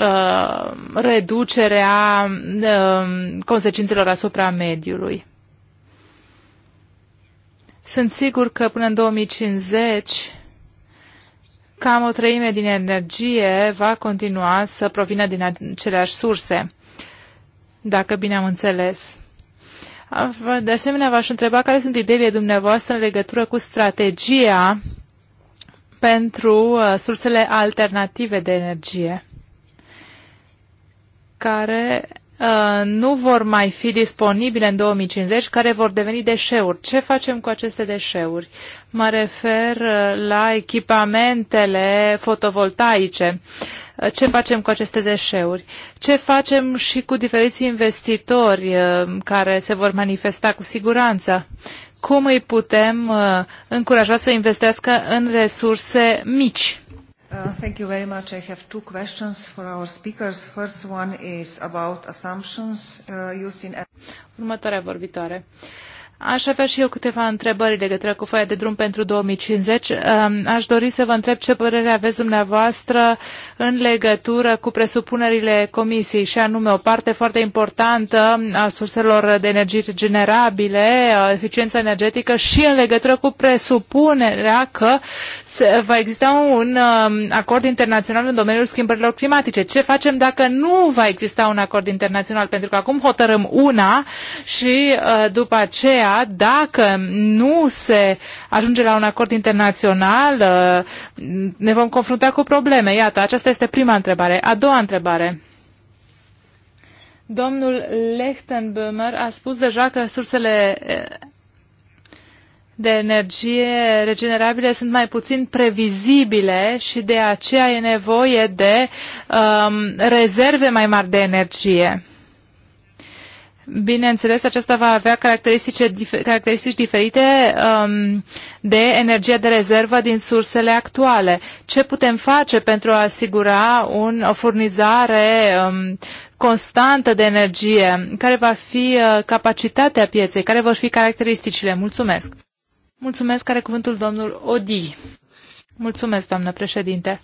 uh, reducerea uh, consecințelor asupra mediului. Sunt sigur că până în 2050 Cam o treime din energie va continua să provină din aceleași surse, dacă bine am înțeles. De asemenea, v-aș întreba care sunt ideile dumneavoastră în legătură cu strategia pentru uh, sursele alternative de energie, care Uh, nu vor mai fi disponibile în 2050, care vor deveni deșeuri. Ce facem cu aceste deșeuri? Mă refer uh, la echipamentele fotovoltaice. Uh, ce facem cu aceste deșeuri? Ce facem și cu diferiți investitori care se vor manifesta cu siguranță? Cum îi putem încuraja să investească în resurse mici? Uh, thank you very much. I have two questions for our speakers. First one is about assumptions uh, used in... Următoarea vorbitoare. Aș avea și eu câteva întrebări legătură cu foaia de drum pentru 2050. Um, aș dori să vă întreb ce părere aveți dumneavoastră în legătură cu presupunerile comisiei și anume o parte foarte importantă a surselor de energie regenerabile, eficiența energetică și în legătură cu presupunerea că va exista un um, acord internațional în domeniul schimbărilor climatice. Ce facem dacă nu va exista un acord internațional? Pentru că acum hotărâm una și uh, după aceea, dacă nu se ajunge la un acord internațional, uh, ne vom confrunta cu probleme. Iată, aceasta este prima întrebare. A doua întrebare. Domnul Lechtenböhmer a spus deja că sursele uh, de energie regenerabile sunt mai puțin previzibile și de aceea e nevoie de um, rezerve mai mari de energie. Bineînțeles, acesta va avea caracteristici, caracteristici diferite um, de energia de rezervă din sursele actuale. Ce putem face pentru a asigura un, o furnizare um, constantă de energie? Care va fi uh, capacitatea pieței? Care vor fi caracteristicile? Mulțumesc! Mulțumesc, care cuvântul domnul Odi. Mulțumesc, doamnă președinte.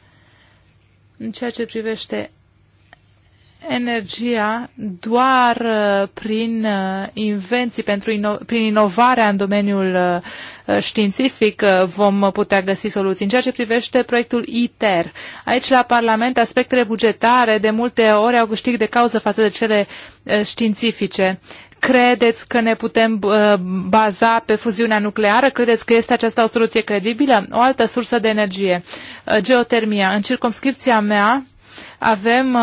În ceea ce privește energia doar uh, prin uh, invenții, pentru ino- prin inovarea în domeniul uh, științific vom putea găsi soluții. În ceea ce privește proiectul ITER, aici la Parlament aspectele bugetare de multe ori au câștig de cauză față de cele științifice. Credeți că ne putem baza pe fuziunea nucleară? Credeți că este aceasta o soluție credibilă? O altă sursă de energie, geotermia. În circumscripția mea avem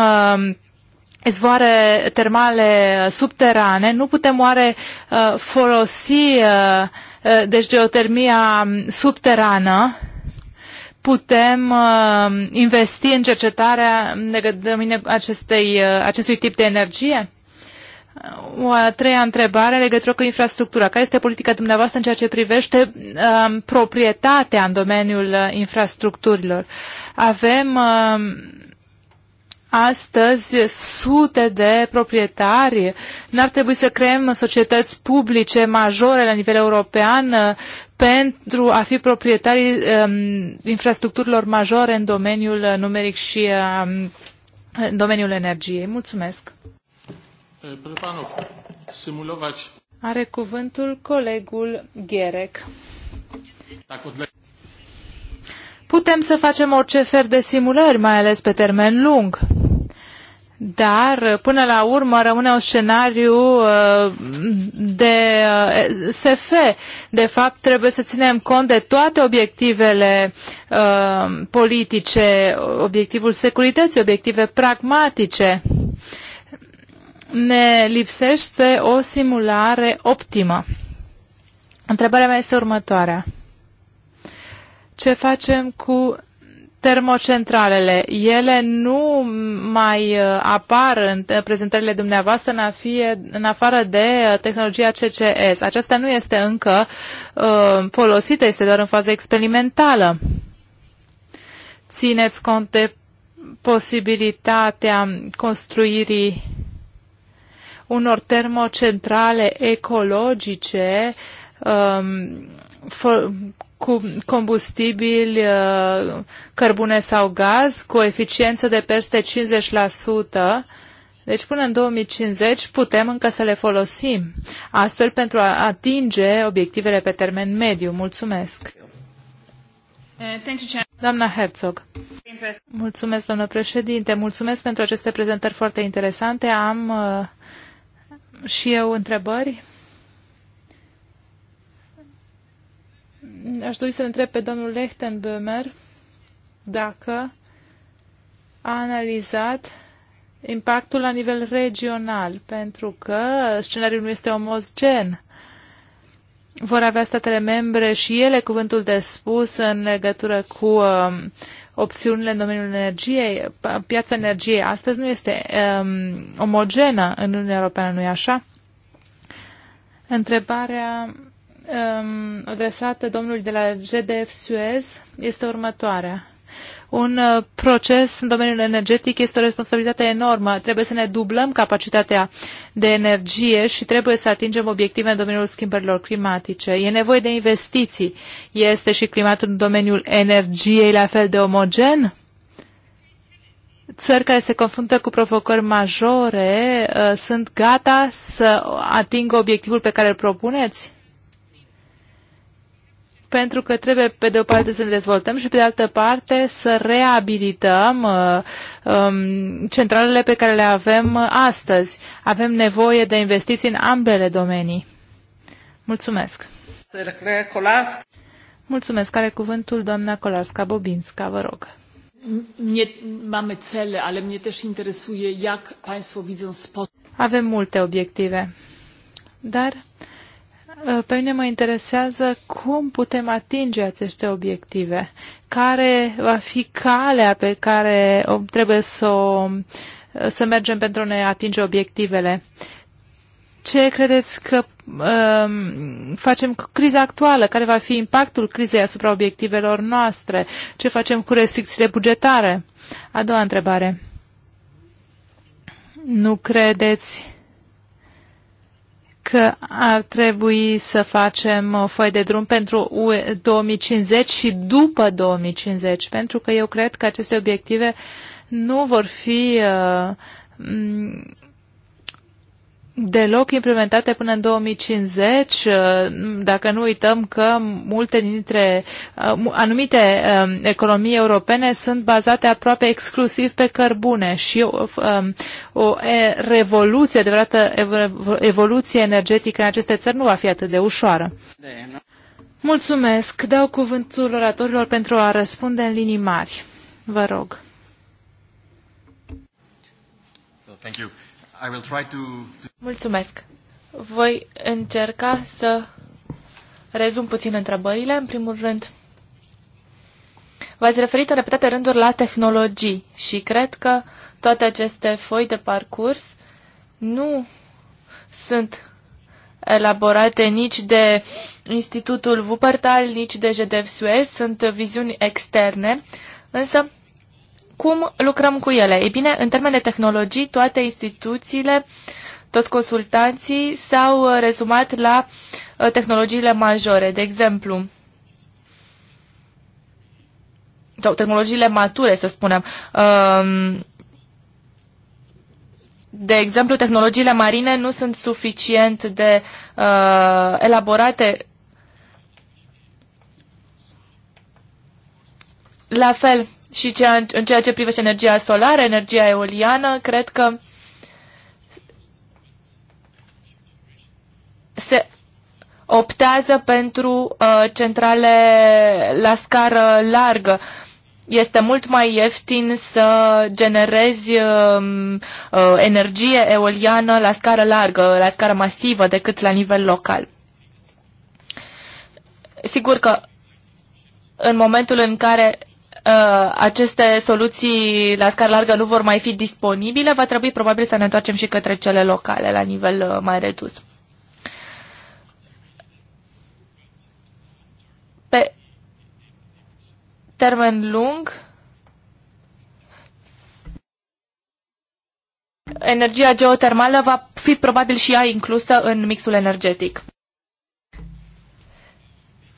izvoare termale subterane, nu putem oare uh, folosi uh, uh, deci geotermia um, subterană putem investi în cercetarea în acestei, acestui tip de energie? O a treia întrebare legătură cu infrastructura. Care este politica dumneavoastră în ceea ce privește uh, proprietatea în domeniul uh, infrastructurilor? Avem uh, Astăzi, sute de proprietari n-ar trebui să creăm societăți publice majore la nivel european uh, pentru a fi proprietarii um, infrastructurilor majore în domeniul numeric și um, în domeniul energiei. Mulțumesc. Are cuvântul colegul Gherec. Putem să facem orice fel de simulări, mai ales pe termen lung dar până la urmă rămâne un scenariu uh, de uh, SF. De fapt, trebuie să ținem cont de toate obiectivele uh, politice, obiectivul securității, obiective pragmatice. Ne lipsește o simulare optimă. Întrebarea mea este următoarea. Ce facem cu termocentralele. Ele nu mai uh, apar în prezentările dumneavoastră în, a fie, în afară de uh, tehnologia CCS. Aceasta nu este încă uh, folosită, este doar în fază experimentală. Țineți cont de posibilitatea construirii unor termocentrale ecologice um, cu combustibil, uh, cărbune sau gaz, cu o eficiență de peste 50%. Deci până în 2050 putem încă să le folosim, astfel pentru a atinge obiectivele pe termen mediu. Mulțumesc! Uh, Doamna Herzog. Mulțumesc, doamnă președinte. Mulțumesc pentru aceste prezentări foarte interesante. Am uh, și eu întrebări. aș dori să întreb pe domnul Lechtenböhmer dacă a analizat impactul la nivel regional, pentru că scenariul nu este omogen. Vor avea statele membre și ele cuvântul de spus în legătură cu um, opțiunile în domeniul energiei. Piața energiei astăzi nu este um, omogenă în Uniunea Europeană, nu-i așa? Întrebarea um, adresată domnului de la GDF Suez este următoarea. Un uh, proces în domeniul energetic este o responsabilitate enormă. Trebuie să ne dublăm capacitatea de energie și trebuie să atingem obiective în domeniul schimbărilor climatice. E nevoie de investiții. Este și climatul în domeniul energiei la fel de omogen? țări care se confruntă cu provocări majore uh, sunt gata să atingă obiectivul pe care îl propuneți? pentru că trebuie, pe de o parte, să ne dezvoltăm și, pe de altă parte, să reabilităm uh, um, centralele pe care le avem uh, astăzi. Avem nevoie de investiții în ambele domenii. Mulțumesc! Mulțumesc! Care cuvântul doamna Kolarska-Bobinska, vă rog. cele, ale jak Państwo widzą Avem multe obiective, dar pe mine mă interesează cum putem atinge aceste obiective, care va fi calea pe care trebuie să, o, să mergem pentru a ne atinge obiectivele. Ce credeți că um, facem cu criza actuală? Care va fi impactul crizei asupra obiectivelor noastre? Ce facem cu restricțiile bugetare? A doua întrebare. Nu credeți că ar trebui să facem o foaie de drum pentru 2050 și după 2050, pentru că eu cred că aceste obiective nu vor fi uh, deloc implementate până în 2050, uh, dacă nu uităm că multe dintre uh, anumite um, economii europene sunt bazate aproape exclusiv pe cărbune și uh, um, o, o revoluție, adevărată evoluție energetică în aceste țări nu va fi atât de ușoară. Mulțumesc. Dau cuvântul oratorilor pentru a răspunde în linii mari. Vă rog. Thank you. I will try to... Mulțumesc. Voi încerca să rezum puțin întrebările. În primul rând, v-ați referit în repetate rânduri la tehnologii și cred că toate aceste foi de parcurs nu sunt elaborate nici de Institutul Wuppertal, nici de JDF Suez, sunt viziuni externe, însă cum lucrăm cu ele? Ei bine, în termen de tehnologii, toate instituțiile, toți consultanții s-au uh, rezumat la uh, tehnologiile majore. De exemplu, sau tehnologiile mature, să spunem. Um, de exemplu, tehnologiile marine nu sunt suficient de uh, elaborate. La fel, și ceea, în ceea ce privește energia solară, energia eoliană, cred că se optează pentru uh, centrale la scară largă. Este mult mai ieftin să generezi uh, uh, energie eoliană la scară largă, la scară masivă, decât la nivel local. Sigur că în momentul în care Uh, aceste soluții la scară largă nu vor mai fi disponibile, va trebui probabil să ne întoarcem și către cele locale, la nivel uh, mai redus. Pe termen lung, energia geotermală va fi probabil și ea inclusă în mixul energetic.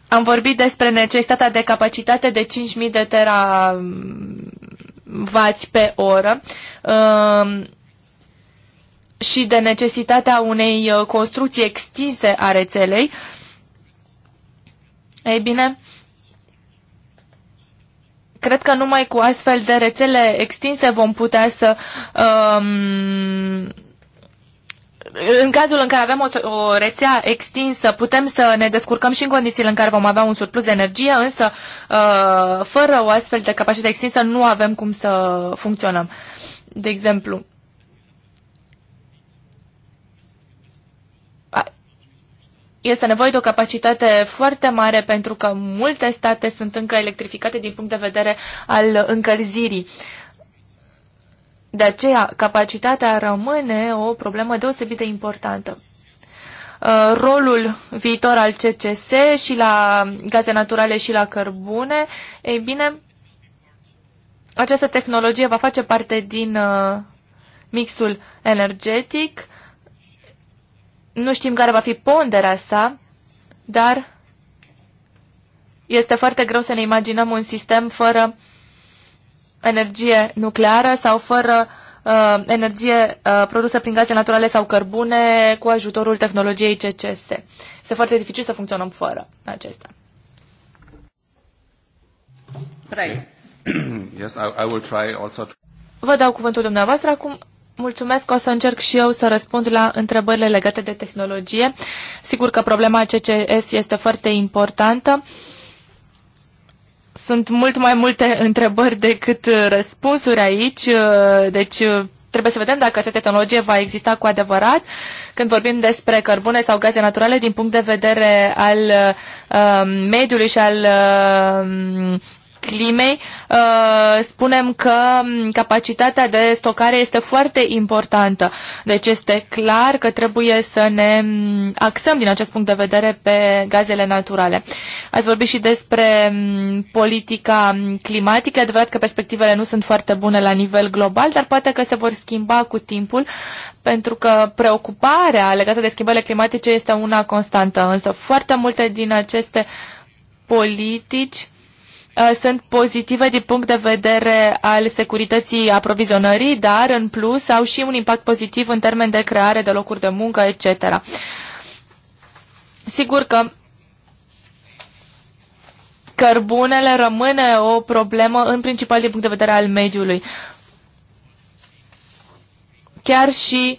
Am vorbit despre necesitatea de capacitate de 5.000 de teravați pe oră um, și de necesitatea unei uh, construcții extinse a rețelei. Ei bine, cred că numai cu astfel de rețele extinse vom putea să um, în cazul în care avem o, o rețea extinsă, putem să ne descurcăm și în condițiile în care vom avea un surplus de energie, însă uh, fără o astfel de capacitate extinsă nu avem cum să funcționăm. De exemplu, este nevoie de o capacitate foarte mare pentru că multe state sunt încă electrificate din punct de vedere al încălzirii. Uh, de aceea, capacitatea rămâne o problemă deosebit de importantă. Uh, rolul viitor al CCS și la gaze naturale și la cărbune, ei bine, această tehnologie va face parte din uh, mixul energetic. Nu știm care va fi ponderea sa, dar este foarte greu să ne imaginăm un sistem fără uh, energie nucleară sau fără uh, energie uh, produsă prin gaze naturale sau cărbune cu ajutorul tehnologiei CCS. Este foarte dificil să funcționăm fără acestea. [COUGHS] Yes, I, I will try also to... Vă dau cuvântul dumneavoastră acum. Mulțumesc, o să încerc și eu să răspund la întrebările legate de tehnologie. Sigur că problema CCS este foarte importantă. Uh, sunt mult mai multe [LAUGHS] întrebări decât uh, răspunsuri aici, uh, deci uh, trebuie să vedem dacă această tehnologie va exista cu adevărat când vorbim despre cărbune sau gaze naturale din punct de vedere al uh, um, mediului și al uh, climei, uh, spunem că mm, capacitatea de stocare este foarte importantă. Deci este clar că trebuie să ne mm, axăm din acest punct de vedere pe gazele naturale. Ați vorbit și despre mm, politica climatică. adevărat că perspectivele nu sunt foarte bune la nivel global, dar poate că se vor schimba cu timpul pentru că preocuparea legată de schimbările climatice este una constantă, însă foarte multe din aceste politici Uh, sunt pozitive din punct de vedere al securității aprovizionării, dar în plus au și un impact pozitiv în termen de creare de locuri de muncă, etc. Sigur că cărbunele rămâne o problemă în principal din punct de vedere al mediului. Chiar și uh,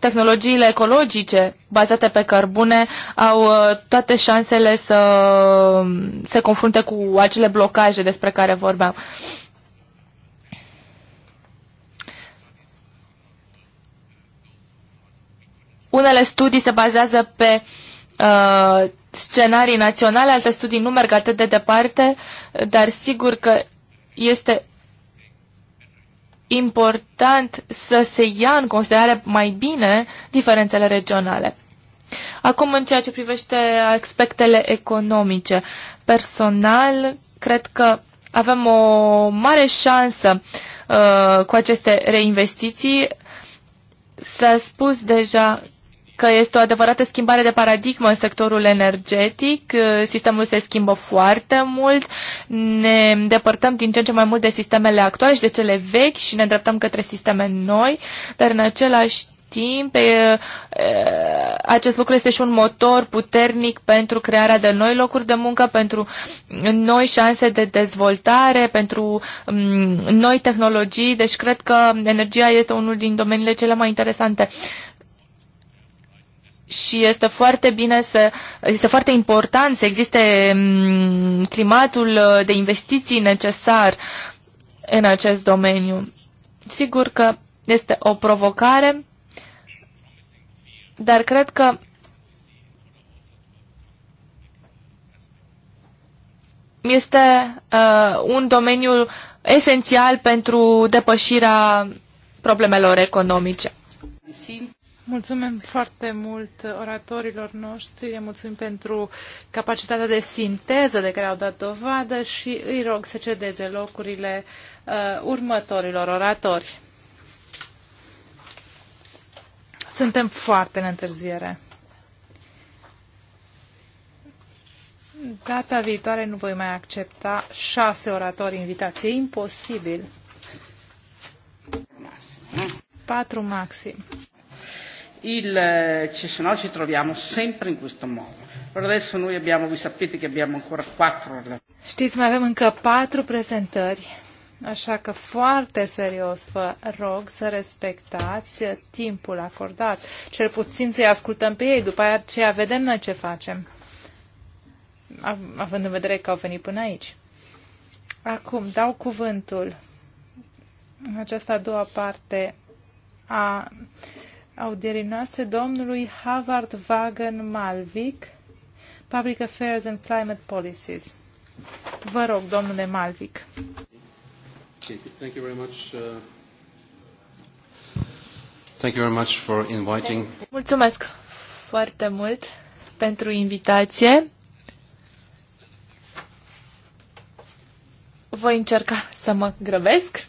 tehnologiile ecologice bazate pe cărbune au uh, toate șansele să se confrunte cu acele blocaje despre care vorbeam. Unele studii se bazează pe uh, scenarii naționale, alte studii nu merg atât de departe, dar sigur că este important să se ia în considerare mai bine diferențele regionale. Acum, în ceea ce privește aspectele economice, personal, cred că avem o mare șansă uh, cu aceste reinvestiții. S-a spus deja că este o adevărată schimbare de paradigmă în sectorul energetic. Uh, sistemul se schimbă foarte mult, ne îndepărtăm din ce în ce mai mult de sistemele actuale și de cele vechi și ne îndreptăm către sisteme noi, dar în același timp, acest lucru este și un motor puternic pentru crearea de noi locuri de muncă, pentru noi șanse de dezvoltare, pentru noi tehnologii, deci cred că energia este unul din domeniile cele mai interesante și este foarte bine să, este foarte important să existe mm, climatul uh, de investiții necesar în acest domeniu. Sigur că este o provocare, dar cred că este uh, un domeniu esențial pentru depășirea problemelor economice. Mulțumim foarte mult oratorilor noștri, le mulțumim pentru capacitatea de sinteză de care au dat dovadă și îi rog să cedeze locurile uh, următorilor oratori. Suntem foarte în întârziere. Data viitoare nu voi mai accepta șase oratori invitați. E imposibil. Patru maxim il, eh, ci, se no ci troviamo sempre in questo modo. Per adesso noi abbiamo, voi sapete che abbiamo ancora quattro. Știți, mai avem încă patru prezentări, așa că foarte serios vă rog să respectați timpul acordat. Cel puțin să-i ascultăm pe ei, după aceea vedem noi ce facem, având în vedere că au venit până aici. Acum dau cuvântul în această a doua parte a audierii noastre domnului Havard Wagen Malvik, Public Affairs and Climate Policies. Vă rog, domnule Malvik. Thank you very much. Uh... Thank you very much for inviting. Mulțumesc foarte mult pentru invitație. Voi încerca să mă grăbesc.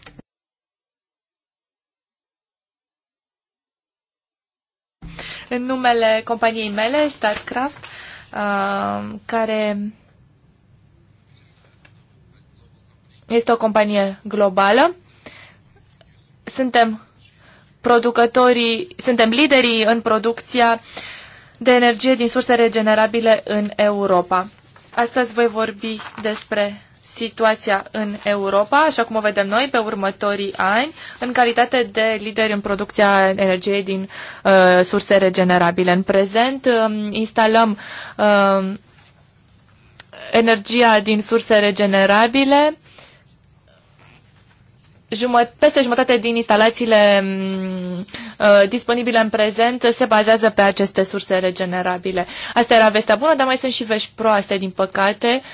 în numele companiei mele, Statcraft, uh, care este o companie globală. Suntem producătorii, suntem liderii în producția de energie din surse regenerabile în Europa. Astăzi voi vorbi despre situația în Europa, așa cum o vedem noi pe următorii ani, în calitate de lideri în producția energiei din uh, surse regenerabile. În prezent um, instalăm um, energia din surse regenerabile peste jumătate din instalațiile um, uh, disponibile în prezent se bazează pe aceste surse regenerabile. Asta era vestea bună, dar mai sunt și vești proaste, din păcate. Uh,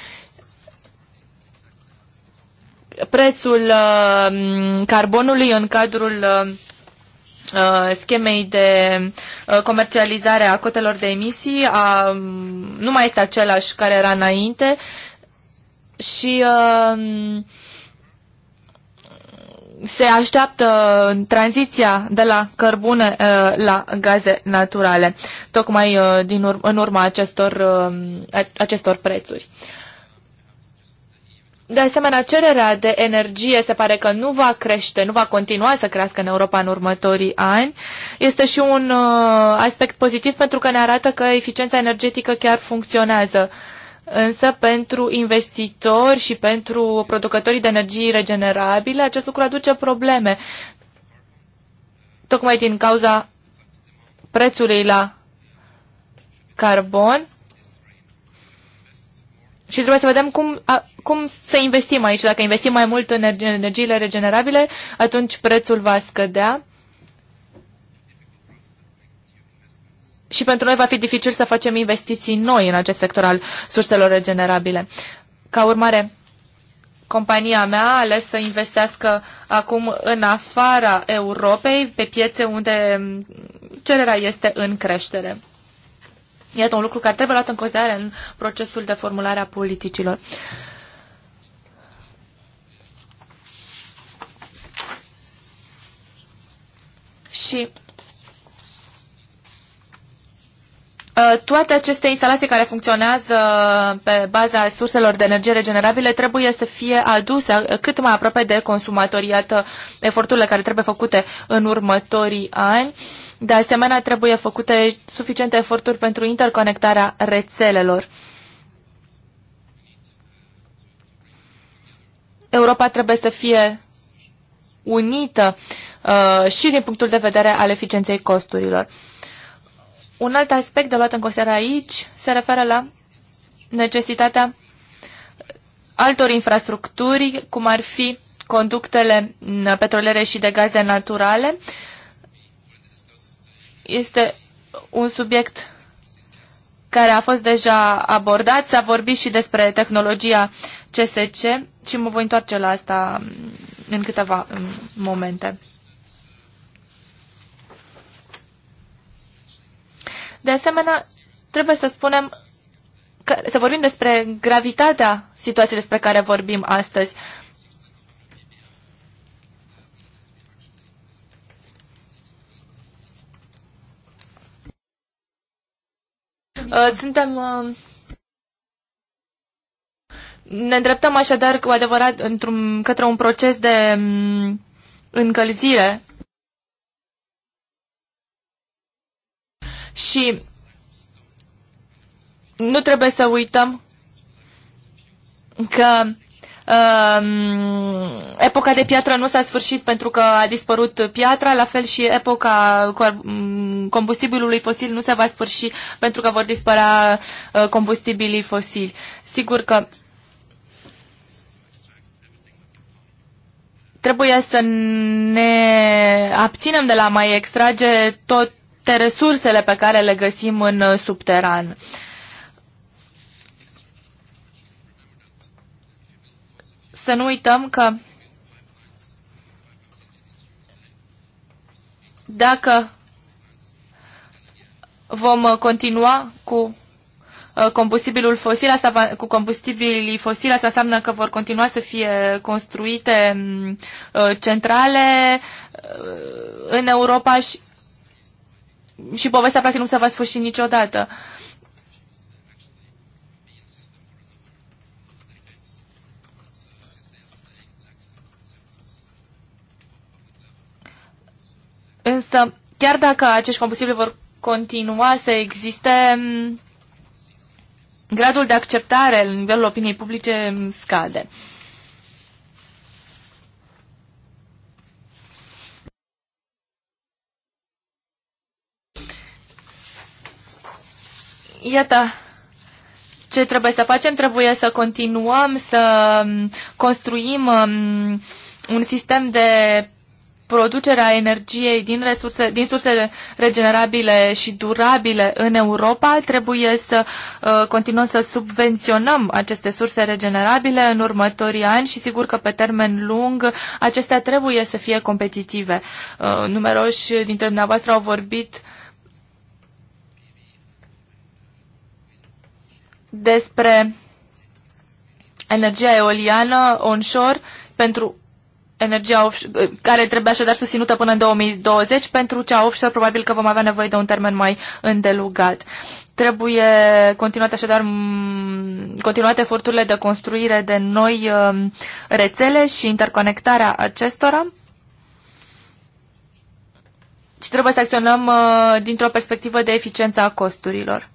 prețul uh, carbonului în cadrul uh, uh, schemei de comercializare a cotelor de emisii a, nu mai este același care era înainte și uh, se așteaptă tranziția de la cărbune uh, la gaze naturale, tocmai uh, din ur- în urma acestor, acestor prețuri. De asemenea, cererea de energie se pare că nu va crește, nu va continua să crească în Europa în următorii ani. Este și un uh, aspect pozitiv pentru că ne arată că eficiența energetică chiar funcționează. Însă pentru investitori și pentru producătorii de energii regenerabile, acest lucru aduce probleme. Tocmai din cauza prețului la carbon și trebuie să vedem cum, a, cum să investim aici. Dacă investim mai mult în energiile regenerabile, atunci prețul va scădea. Și pentru noi va fi dificil să facem investiții noi în acest sector al surselor regenerabile. Ca urmare, compania mea a ales să investească acum în afara Europei, pe piețe unde mm, cererea este în creștere. Iată un lucru care trebuie luat în considerare în procesul de formulare a politicilor. Și ă, toate aceste instalații care funcționează pe baza surselor de energie regenerabile trebuie să fie aduse cât mai aproape de consumatoriată eforturile care trebuie făcute în următorii ani. Uh, de asemenea, trebuie făcute suficiente eforturi pentru interconectarea rețelelor. Europa trebuie să fie unită uh, și din punctul de vedere al eficienței costurilor. Un alt aspect de luat în considerare aici se referă la necesitatea altor infrastructuri, cum ar fi conductele uh, petrolere și de gaze naturale, este un subiect care a fost deja abordat. S-a vorbit și despre tehnologia CSC și mă voi întoarce la asta mm, în câteva mm, momente. De asemenea, trebuie să spunem, că, să vorbim despre gravitatea situației despre care vorbim astăzi. Uh, suntem uh, ne îndreptăm așadar cu adevărat într-un, către un proces de um, încălzire și nu trebuie să uităm că uh, epoca de piatră nu s-a sfârșit pentru că a dispărut piatra, la fel și epoca combustibilului fosil nu se va sfârși pentru că vor dispărea uh, combustibilii fosili. Sigur că trebuie să ne abținem de la mai extrage toate resursele pe care le găsim în subteran. să nu uităm că dacă vom uh, continua cu uh, combustibilul fosil, asta cu combustibilii fosili, asta înseamnă că vor continua să fie construite mm, uh, centrale în Europa și, și povestea practic nu se va sfârși niciodată. Uh, Însă, chiar dacă acești combustibili vor continua să existe, gradul de acceptare la nivelul opiniei publice scade. Iată ce trebuie să facem. Trebuie să continuăm să construim un sistem de producerea energiei din, resurse, din surse regenerabile și durabile în Europa, trebuie să uh, continuăm să subvenționăm aceste surse regenerabile în următorii ani și sigur că pe termen lung acestea trebuie să fie competitive. Uh, numeroși dintre dumneavoastră au vorbit despre energia eoliană onshore pentru energia offshore, care trebuie așadar susținută până în 2020. Pentru cea offshore probabil că vom avea nevoie de un termen mai îndelugat. Trebuie continuate așadar continuate eforturile de construire de noi um, rețele și interconectarea acestora. Și trebuie să acționăm uh, dintr-o perspectivă de eficiență a costurilor.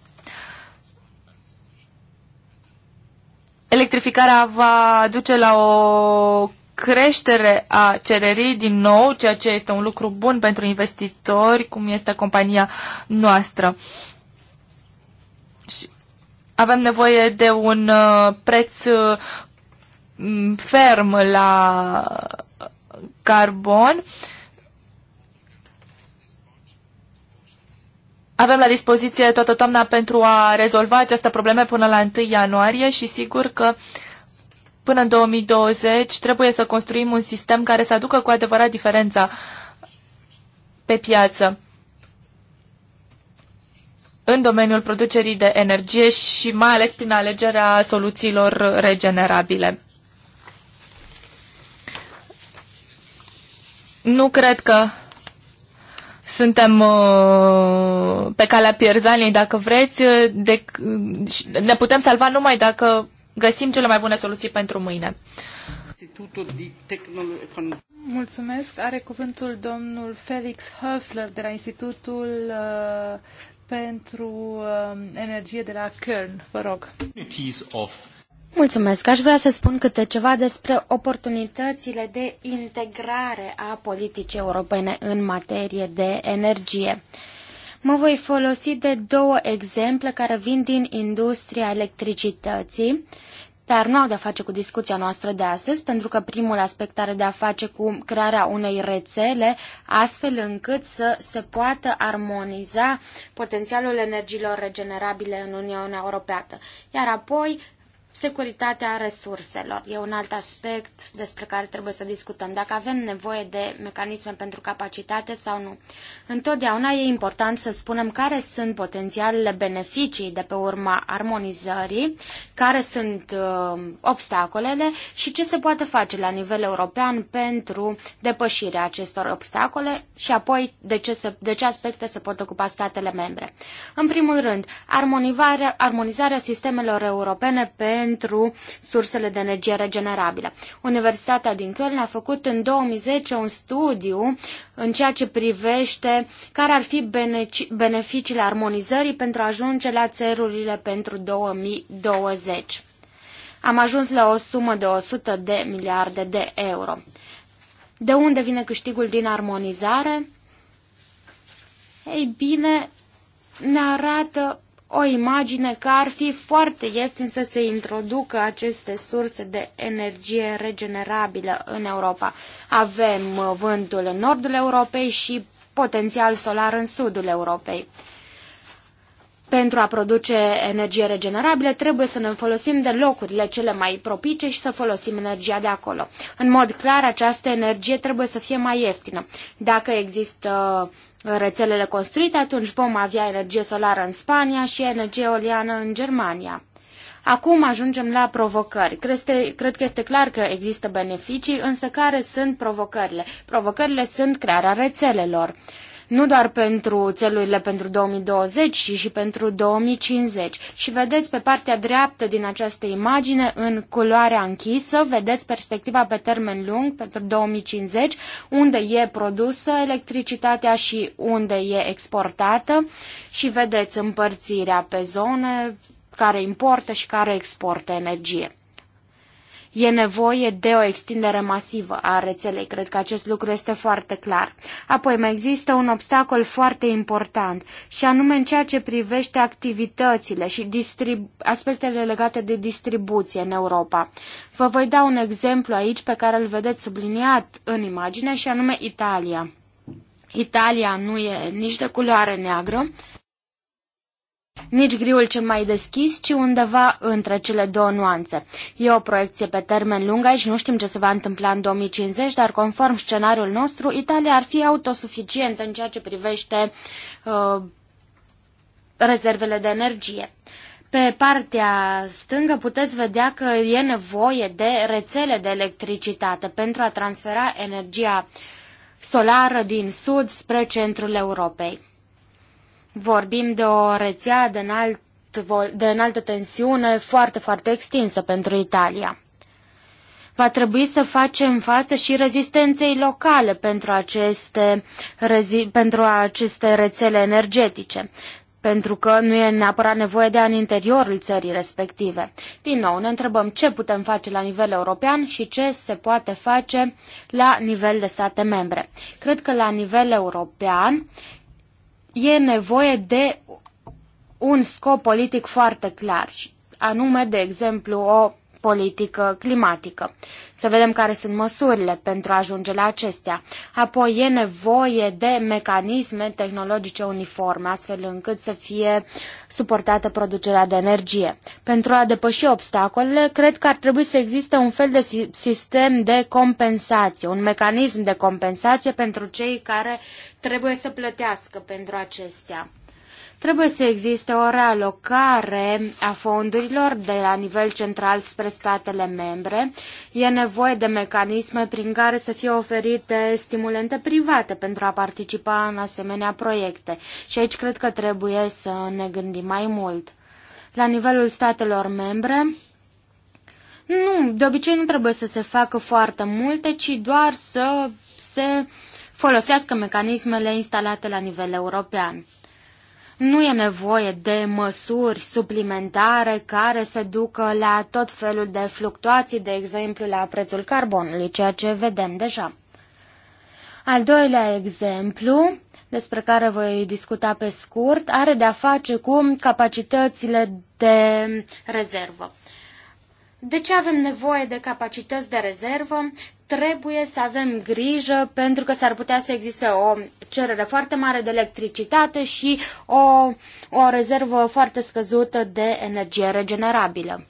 Electrificarea va duce la o creștere a cererii din nou, ceea ce este un lucru bun pentru investitori, cum este compania noastră. Și avem nevoie de un uh, preț uh, ferm la carbon. Avem la dispoziție toată toamna pentru a rezolva această probleme până la 1 ianuarie și sigur că uh, până în 2020 trebuie să construim un sistem care să aducă cu adevărat diferența pe piață în domeniul producerii de energie și mai ales prin alegerea soluțiilor regenerabile. Nu cred că suntem uh, pe calea pierzaniei, dacă vreți, de, ne putem salva numai dacă găsim cele mai bune soluții pentru mâine. Mulțumesc. Are cuvântul domnul Felix Höfler de la Institutul uh, pentru uh, Energie de la Köln. Vă rog. Mulțumesc. Aș vrea să spun câte ceva despre oportunitățile de integrare a politicii europene în materie de energie. Uh, Mă voi folosi de două exemple care vin din industria electricității, dar nu au de-a face cu discuția noastră de astăzi, pentru că primul aspect are de-a face cu crearea unei rețele, astfel încât să se poată armoniza potențialul energiilor regenerabile în Uniunea Europeană. Iar apoi, Securitatea resurselor e un alt aspect despre care trebuie să discutăm, dacă avem nevoie de mecanisme pentru capacitate sau nu. Întotdeauna e important să spunem care sunt potențialele beneficii de pe urma armonizării, care sunt uh, obstacolele și ce se poate face la nivel european pentru depășirea acestor obstacole și apoi de ce, se, de ce aspecte se pot ocupa statele membre. În primul rând, armonizarea, armonizarea sistemelor europene pe pentru sursele de energie regenerabilă. Universitatea din Köln a făcut în 2010 un studiu în ceea ce privește care ar fi beneficiile armonizării pentru a ajunge la țărurile pentru 2020. Am ajuns la o sumă de 100 de miliarde de euro. De unde vine câștigul din armonizare? Ei bine, ne arată o imagine că ar fi foarte ieftin să se introducă aceste surse de energie regenerabilă în Europa. Avem uh, vântul în nordul Europei și potențial solar în sudul Europei. Pentru a produce energie regenerabilă trebuie să ne folosim de locurile cele mai propice și să folosim energia de acolo. În mod clar, această energie trebuie să fie mai ieftină. Dacă există uh, rețelele construite, atunci vom avea energie solară în Spania și energie eoliană în Germania. Acum ajungem la provocări. Creste, cred că este clar că există beneficii, însă care sunt provocările? Provocările sunt crearea rețelelor. Uh, nu doar pentru țelurile pentru 2020, ci și pentru 2050. Și vedeți pe partea dreaptă din această imagine, în culoarea închisă, vedeți perspectiva pe termen lung pentru 2050, unde e produsă electricitatea și unde e exportată și vedeți împărțirea pe zone care importă și care exportă energie. E nevoie de o extindere masivă a rețelei, cred că acest lucru este foarte clar. Apoi mai există un obstacol foarte important și anume în ceea ce privește activitățile și aspectele legate de distribuție în Europa. Vă voi da un exemplu aici pe care îl vedeți subliniat în imagine și anume Italia. Italia nu e nici de culoare neagră, nici griul cel mai deschis, ci undeva între cele două nuanțe. E o proiecție pe termen lung aici, nu știm ce se va întâmpla în 2050, dar conform scenariul nostru, Italia ar fi autosuficientă în ceea ce privește uh, rezervele de energie. Pe partea stângă puteți vedea că e nevoie de rețele de electricitate pentru a transfera energia solară din sud spre centrul Europei. Vorbim de o rețea de, înalt, de înaltă tensiune foarte, foarte extinsă pentru Italia. Va trebui să facem față și rezistenței locale pentru aceste, pentru aceste rețele energetice pentru că nu e neapărat nevoie de în interiorul țării respective. Din nou, ne întrebăm ce putem face la nivel european și ce se poate face la nivel de state membre. Cred că la nivel european e nevoie de un scop politic foarte clar, anume, de exemplu, o politică climatică. Să vedem care sunt măsurile pentru a ajunge la acestea. Apoi e nevoie de mecanisme tehnologice uniforme, astfel încât să fie suportată producerea de energie. Pentru a depăși obstacolele, cred că ar trebui să existe un fel de sistem de compensație, un mecanism de compensație pentru cei care trebuie să plătească pentru acestea. Trebuie să existe o realocare a fondurilor de la nivel central spre statele membre. E nevoie de mecanisme prin care să fie oferite stimulente private pentru a participa în asemenea proiecte. Și aici cred că trebuie să ne gândim mai mult. La nivelul statelor membre, nu, de obicei nu trebuie să se facă foarte multe, ci doar să se folosească mecanismele instalate la nivel european. Nu e nevoie de măsuri suplimentare care să ducă la tot felul de fluctuații, de exemplu la prețul carbonului, ceea ce vedem deja. Al doilea exemplu, despre care voi discuta pe scurt, are de-a face cu capacitățile de rezervă. De ce avem nevoie de capacități de rezervă? trebuie să avem grijă pentru că s-ar putea să existe o cerere foarte mare de electricitate și o, o rezervă foarte scăzută de energie regenerabilă.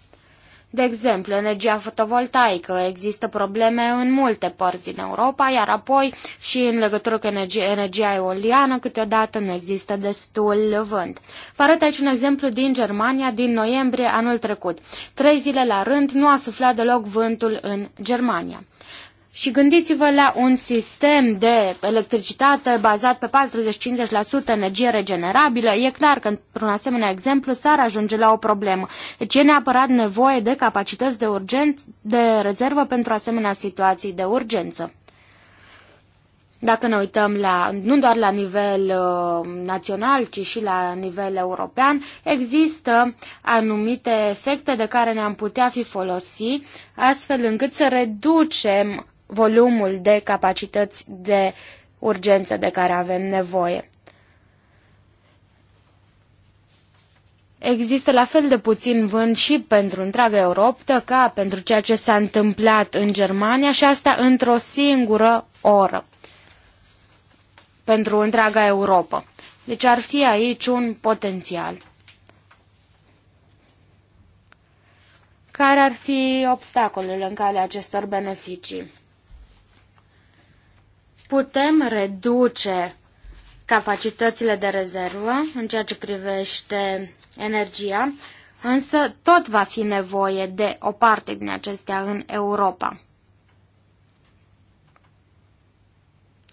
De exemplu, energia fotovoltaică. Există probleme în multe părți din Europa, iar apoi și în legătură cu energia, energia eoliană, câteodată nu există destul vânt. Vă arăt aici un exemplu din Germania, din noiembrie anul trecut. Trei zile la rând nu a suflat deloc vântul în Germania. Și gândiți-vă la un sistem de electricitate bazat pe 40-50% energie regenerabilă. E clar că într-un asemenea exemplu s-ar ajunge la o problemă. Deci e neapărat nevoie de capacități de, urgenț, de rezervă pentru asemenea situații de urgență. Dacă ne uităm la, nu doar la nivel uh, național, ci și la nivel european, există anumite efecte de care ne-am putea fi folosi, astfel încât să reducem volumul de capacități de urgență de care avem nevoie. Există la fel de puțin vânt și pentru întreaga Europa ca pentru ceea ce s-a întâmplat în Germania și asta într-o singură oră pentru întreaga Europa. Deci ar fi aici un potențial. Care ar fi obstacolele în calea acestor beneficii? putem reduce capacitățile de rezervă în ceea ce privește energia, însă tot va fi nevoie de o parte din acestea în Europa.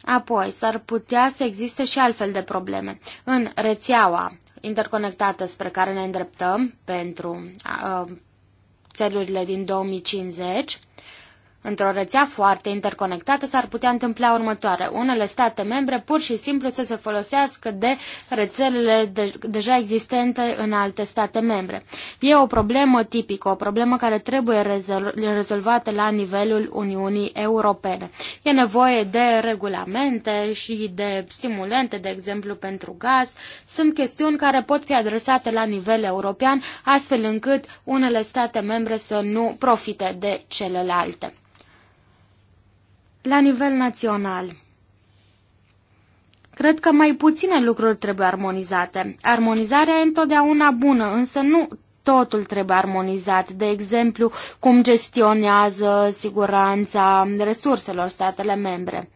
Apoi, s-ar putea să existe și altfel de probleme. În rețeaua interconectată spre care ne îndreptăm pentru uh, țelurile din 2050, Într-o rețea foarte interconectată s-ar putea întâmpla următoare. Unele state membre pur și simplu să se folosească de rețelele de- deja existente în alte state membre. E o problemă tipică, o problemă care trebuie rezol- rezolvată la nivelul Uniunii Europene. E nevoie de regulamente și de stimulente, de exemplu pentru gaz. Sunt chestiuni care pot fi adresate la nivel european, astfel încât unele state membre să nu profite de celelalte la nivel național. Cred că mai puține lucruri trebuie armonizate. Armonizarea e întotdeauna bună, însă nu totul trebuie armonizat. De exemplu, cum gestionează siguranța resurselor statele membre.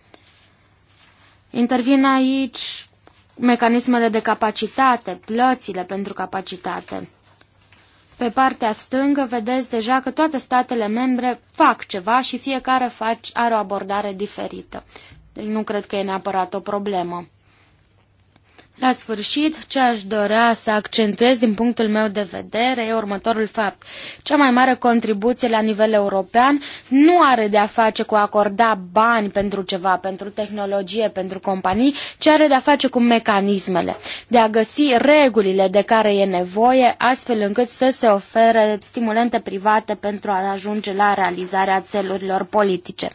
Intervin aici mecanismele de capacitate, plățile pentru capacitate. Pe partea stângă vedeți deja că toate statele membre fac ceva și fiecare are o abordare diferită. Deci nu cred că e neapărat o problemă. La sfârșit, ce aș dorea să accentuez din punctul meu de vedere e următorul fapt. Cea mai mare contribuție la nivel european nu are de a face cu a acorda bani pentru ceva, pentru tehnologie, pentru companii, ci are de a face cu mecanismele, de a găsi regulile de care e nevoie, astfel încât să se ofere stimulente private pentru a ajunge la realizarea țelurilor politice.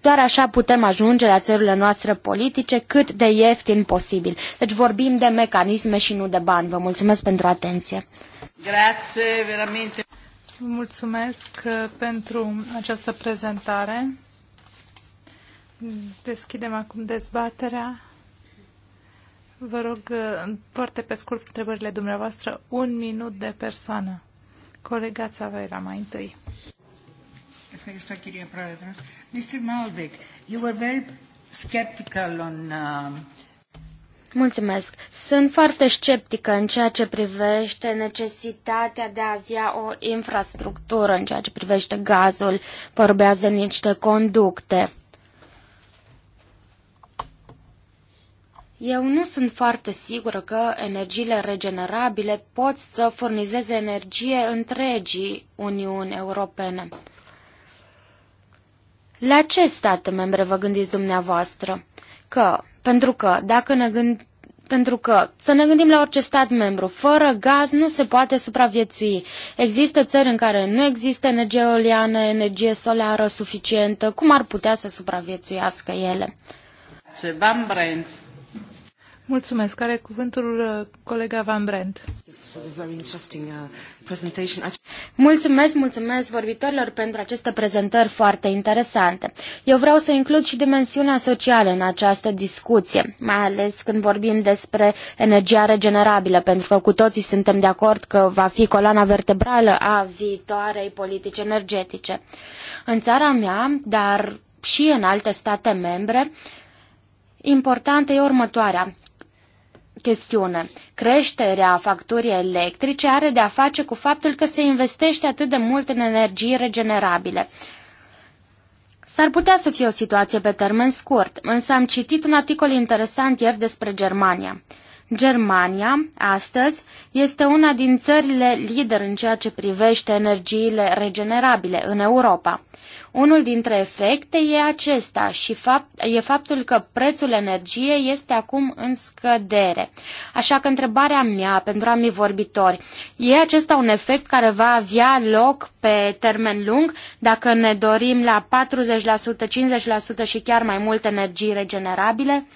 Doar așa putem ajunge la țelurile noastre politice cât de ieftin posibil. Deci vor vorbim de mecanisme și nu de bani. Vă mulțumesc pentru atenție. Grazie, veramente. Vă mulțumesc uh, pentru această prezentare. Deschidem acum dezbaterea. Vă rog, uh, foarte pe scurt, întrebările dumneavoastră, un minut de persoană. Colega Țavera, mai întâi. Mr. Malbec, you were very skeptical on uh, Mulțumesc. Sunt foarte sceptică în ceea ce privește necesitatea de a avea o infrastructură, în ceea ce privește gazul, vorbează niște conducte. Eu nu sunt foarte sigură că energiile regenerabile pot să furnizeze energie întregii Uniuni Europene. La ce state membre vă gândiți dumneavoastră? că, pentru că, dacă ne gând, pentru că să ne gândim la orice stat membru, fără gaz nu se poate supraviețui. Există țări în care nu există energie eoliană, energie solară suficientă, cum ar putea să supraviețuiască ele? Van Mulțumesc. Care cuvântul uh, colega Van Brent? Uh, mulțumesc, mulțumesc vorbitorilor pentru aceste prezentări foarte interesante. Eu vreau să includ și dimensiunea socială în această discuție, mai ales când vorbim despre energia regenerabilă, pentru că cu toții suntem de acord că va fi coloana vertebrală a viitoarei politici energetice. În țara mea, dar și în alte state membre, importantă e următoarea chestiune. Creșterea facturii electrice are de a face cu faptul că se investește atât de mult în energii regenerabile. S-ar putea să fie o situație pe termen scurt, însă am citit un articol interesant ieri despre Germania. Germania, astăzi, este una din țările lider în ceea ce privește energiile regenerabile în Europa. Unul dintre efecte e acesta și fapt, e faptul că prețul energiei este acum în scădere. Așa că întrebarea mea pentru amii vorbitori, e acesta un efect care va avea loc pe termen lung dacă ne dorim la 40%, 50% și chiar mai mult energii regenerabile?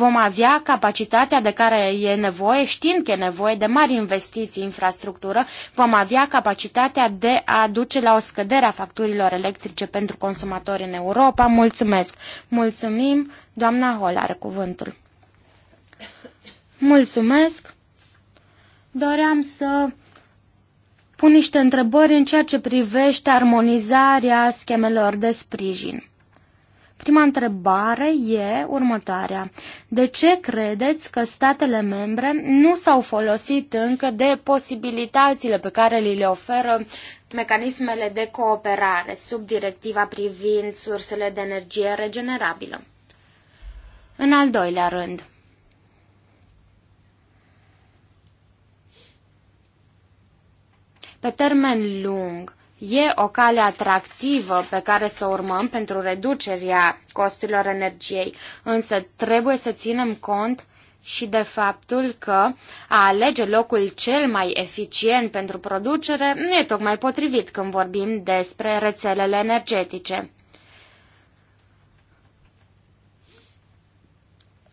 Vom avea capacitatea de care e nevoie, știm că e nevoie de mari investiții în infrastructură, vom avea capacitatea de a duce la o scădere a facturilor electrice pentru consumatori în Europa. Mulțumesc! Mulțumim! Doamna Hol are cuvântul. Mulțumesc! Doream să pun niște întrebări în ceea ce privește armonizarea schemelor de sprijin. Prima întrebare e următoarea. De ce credeți că statele membre nu s-au folosit încă de posibilitățile pe care li le oferă mecanismele de cooperare sub directiva privind sursele de energie regenerabilă? În al doilea rând, pe termen lung, E o cale atractivă pe care să o urmăm pentru reducerea costurilor energiei, însă trebuie să ținem cont și de faptul că a alege locul cel mai eficient pentru producere nu e tocmai potrivit când vorbim despre rețelele energetice.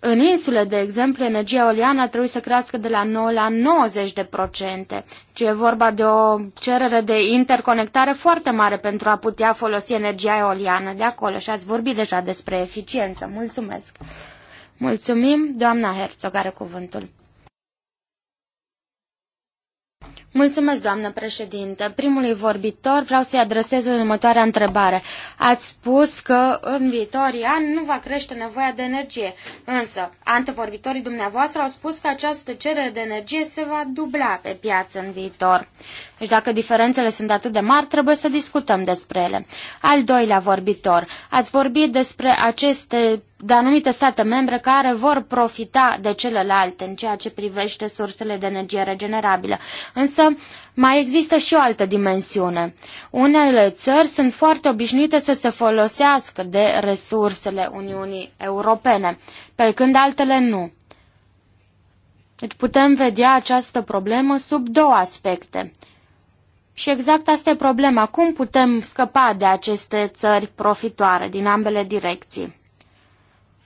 În insule, de exemplu, energia oleană ar trebui să crească de la 9 la 90 de procente. Ce e vorba de o cerere de interconectare foarte mare pentru a putea folosi energia eoliană de acolo și ați vorbit deja despre eficiență. Mulțumesc! Mulțumim, doamna Herzog are cuvântul. Mulțumesc, doamnă președinte. Primului vorbitor vreau să-i adresez următoarea întrebare. Ați spus că în viitorii ani nu va crește nevoia de energie, însă antevorbitorii dumneavoastră au spus că această cerere de energie se va dubla pe piață în viitor. Deci dacă diferențele sunt atât de mari, trebuie să discutăm despre ele. Al doilea vorbitor, ați vorbit despre aceste de anumite state membre care vor profita de celelalte în ceea ce privește sursele de energie regenerabilă. Însă mai există și o altă dimensiune. Unele țări sunt foarte obișnuite să se folosească de resursele Uniunii Europene, pe când altele nu. Deci putem vedea această problemă sub două aspecte. Și exact asta e problema. Cum putem scăpa de aceste țări profitoare din ambele direcții?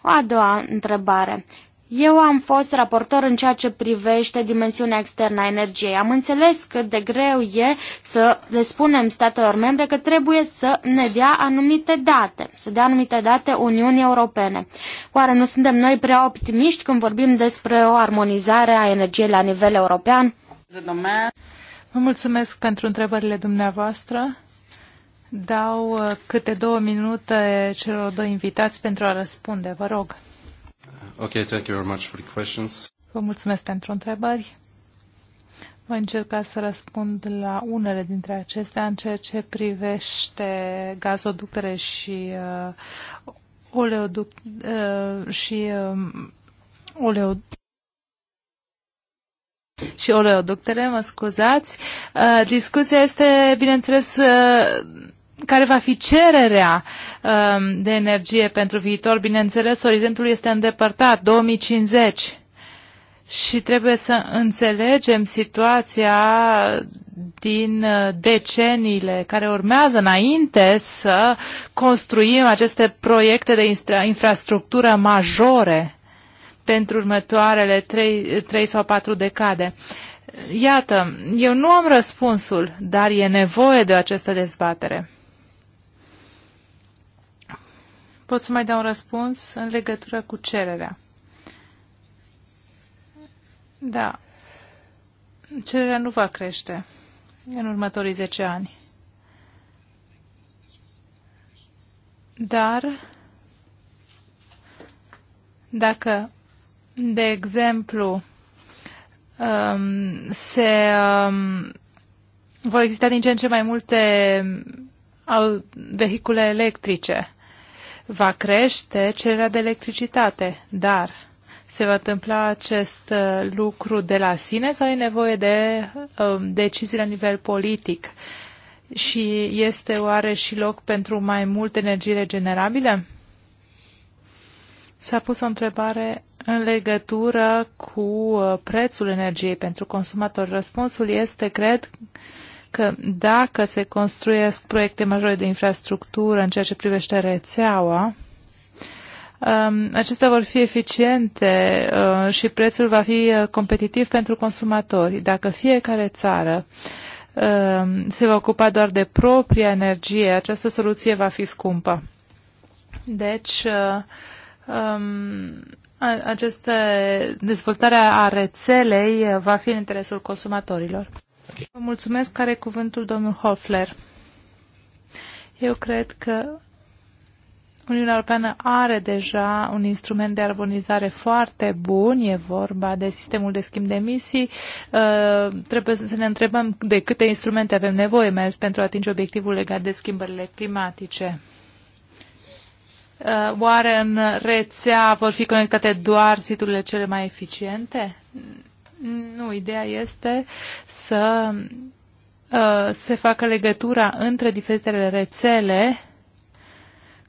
O a doua întrebare. Eu am fost raportor în ceea ce privește dimensiunea externă a energiei. Am înțeles cât de greu e să le spunem statelor membre că trebuie să ne dea anumite date, să dea anumite date Uniunii Europene. Oare nu suntem noi prea optimiști când vorbim despre o armonizare a energiei la nivel european? Vă mulțumesc pentru întrebările dumneavoastră. Dau uh, câte două minute celor doi invitați pentru a răspunde. Vă rog. Okay, thank you very much for the questions. Vă mulțumesc pentru întrebări. Voi încerca să răspund la unele dintre acestea în ceea ce privește gazoductele și uh, oleoduct uh, și uh, um, oleoduct și doctore, mă scuzați. Uh, discuția este, bineînțeles, uh, care va fi cererea um, de energie pentru viitor. Bineînțeles, orizontul este îndepărtat, 2050. Și trebuie să înțelegem situația din uh, deceniile care urmează înainte să construim aceste proiecte de infrastructură majore pentru următoarele trei, trei sau patru decade. Iată, eu nu am răspunsul, dar e nevoie de această dezbatere. Pot să mai dau un răspuns în legătură cu cererea. Da. Cererea nu va crește în următorii 10 ani. Dar dacă de exemplu, um, se um, vor exista din ce în ce mai multe vehicule electrice. Va crește cererea de electricitate, dar se va întâmpla acest uh, lucru de la sine sau e nevoie de um, decizii la nivel politic? Și este oare și loc pentru mai multe energii regenerabile? S-a pus o întrebare în legătură cu uh, prețul energiei pentru consumator. Răspunsul este, cred, că dacă se construiesc proiecte majore de infrastructură în ceea ce privește rețeaua, um, acestea vor fi eficiente uh, și prețul va fi uh, competitiv pentru consumatori. Dacă fiecare țară um, se va ocupa doar de propria energie, această soluție va fi scumpă. Deci, uh, um, această dezvoltare a rețelei va fi în interesul consumatorilor. Vă mulțumesc. Care cuvântul domnul Hofler? Eu cred că Uniunea Europeană are deja un instrument de armonizare foarte bun, e vorba de sistemul de schimb de emisii. Uh, trebuie să ne întrebăm de câte instrumente avem nevoie, mai ales pentru a atinge obiectivul legat de schimbările climatice. Uh, oare în rețea vor fi conectate doar siturile cele mai eficiente? Nu, ideea este să uh, se facă legătura între diferitele rețele.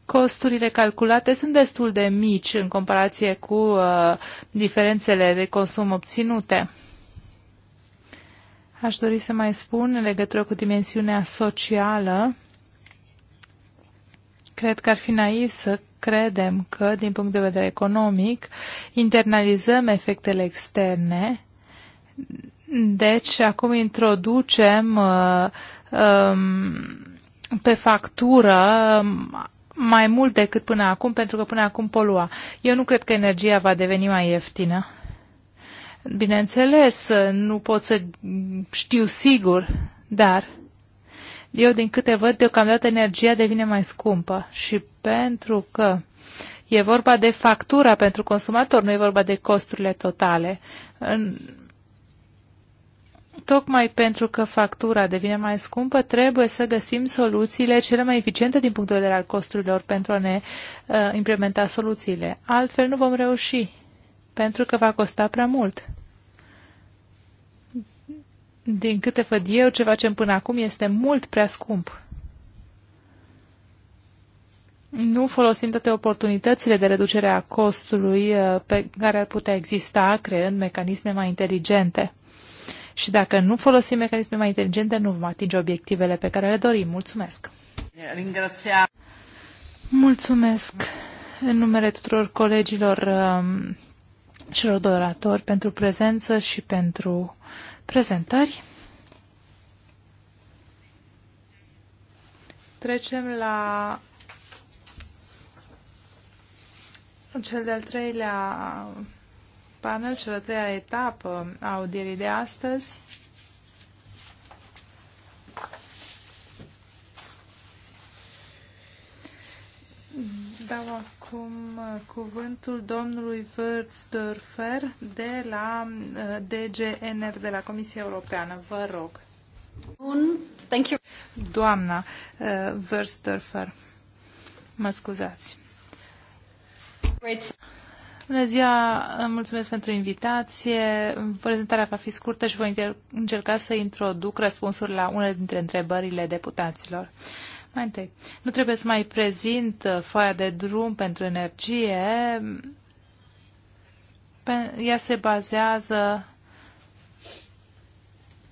Costurile calculate sunt destul de mici în comparație cu uh, diferențele de consum obținute. Aș dori să mai spun în legătură cu dimensiunea socială Cred că ar fi naiv să credem că, din punct de vedere economic, internalizăm efectele externe, deci acum introducem uh, um, pe factură um, mai mult decât până acum, pentru că până acum polua. Eu nu cred că energia va deveni mai ieftină. Bineînțeles, nu pot să știu sigur, dar eu, din câte văd, deocamdată energia devine mai scumpă și pentru că e vorba de factura pentru consumator, nu e vorba de costurile totale. În... Tocmai pentru că factura devine mai scumpă, trebuie să găsim soluțiile cele mai eficiente din punct de vedere al costurilor pentru a ne uh, implementa soluțiile. Altfel nu vom reuși, pentru că va costa prea mult. Din câte văd eu, ce facem până acum este mult prea scump. Nu folosim toate oportunitățile de reducere a costului uh, pe care ar putea exista creând mecanisme mai inteligente. Și dacă nu folosim mecanisme mai inteligente, nu vom atinge obiectivele pe care le dorim. Mulțumesc! Mulțumesc în numele tuturor colegilor um, celor doratori pentru prezență și pentru uh, prezentări. Trecem la cel de-al treilea panel, cel de-al treilea etapă a audierii de astăzi. Da. Cum uh, cuvântul domnului Wörthsdörfer de la uh, DGNR, de la Comisia Europeană. Vă rog. Bun. Thank you. Doamna uh, Wörthsdörfer, mă scuzați. Great. Bună ziua, mulțumesc pentru invitație. Prezentarea va fi scurtă și voi încerca să introduc răspunsuri la unele dintre întrebările deputaților. Uh, mai întâi, nu trebuie să mai prezint uh, foaia de drum pentru energie. Ea se bazează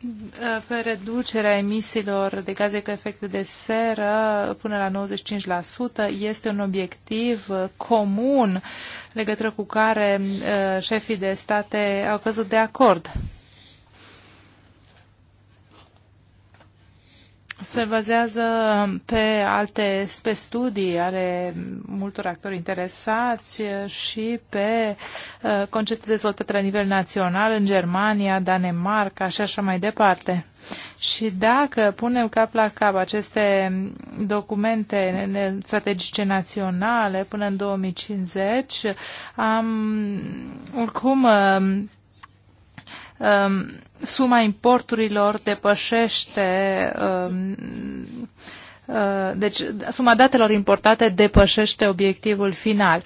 uh, pe reducerea emisiilor de gaze cu efect de seră până la 95% este un obiectiv uh, comun legătură cu care șefii de state au căzut de acord. se bazează pe alte pe studii ale multor actori interesați și pe uh, concepte dezvoltate la nivel național în Germania, Danemarca și așa mai departe. Și dacă punem cap la cap aceste documente strategice naționale până în 2050, am, oricum uh, um, suma importurilor depășește um, uh, deci suma datelor importate depășește obiectivul final.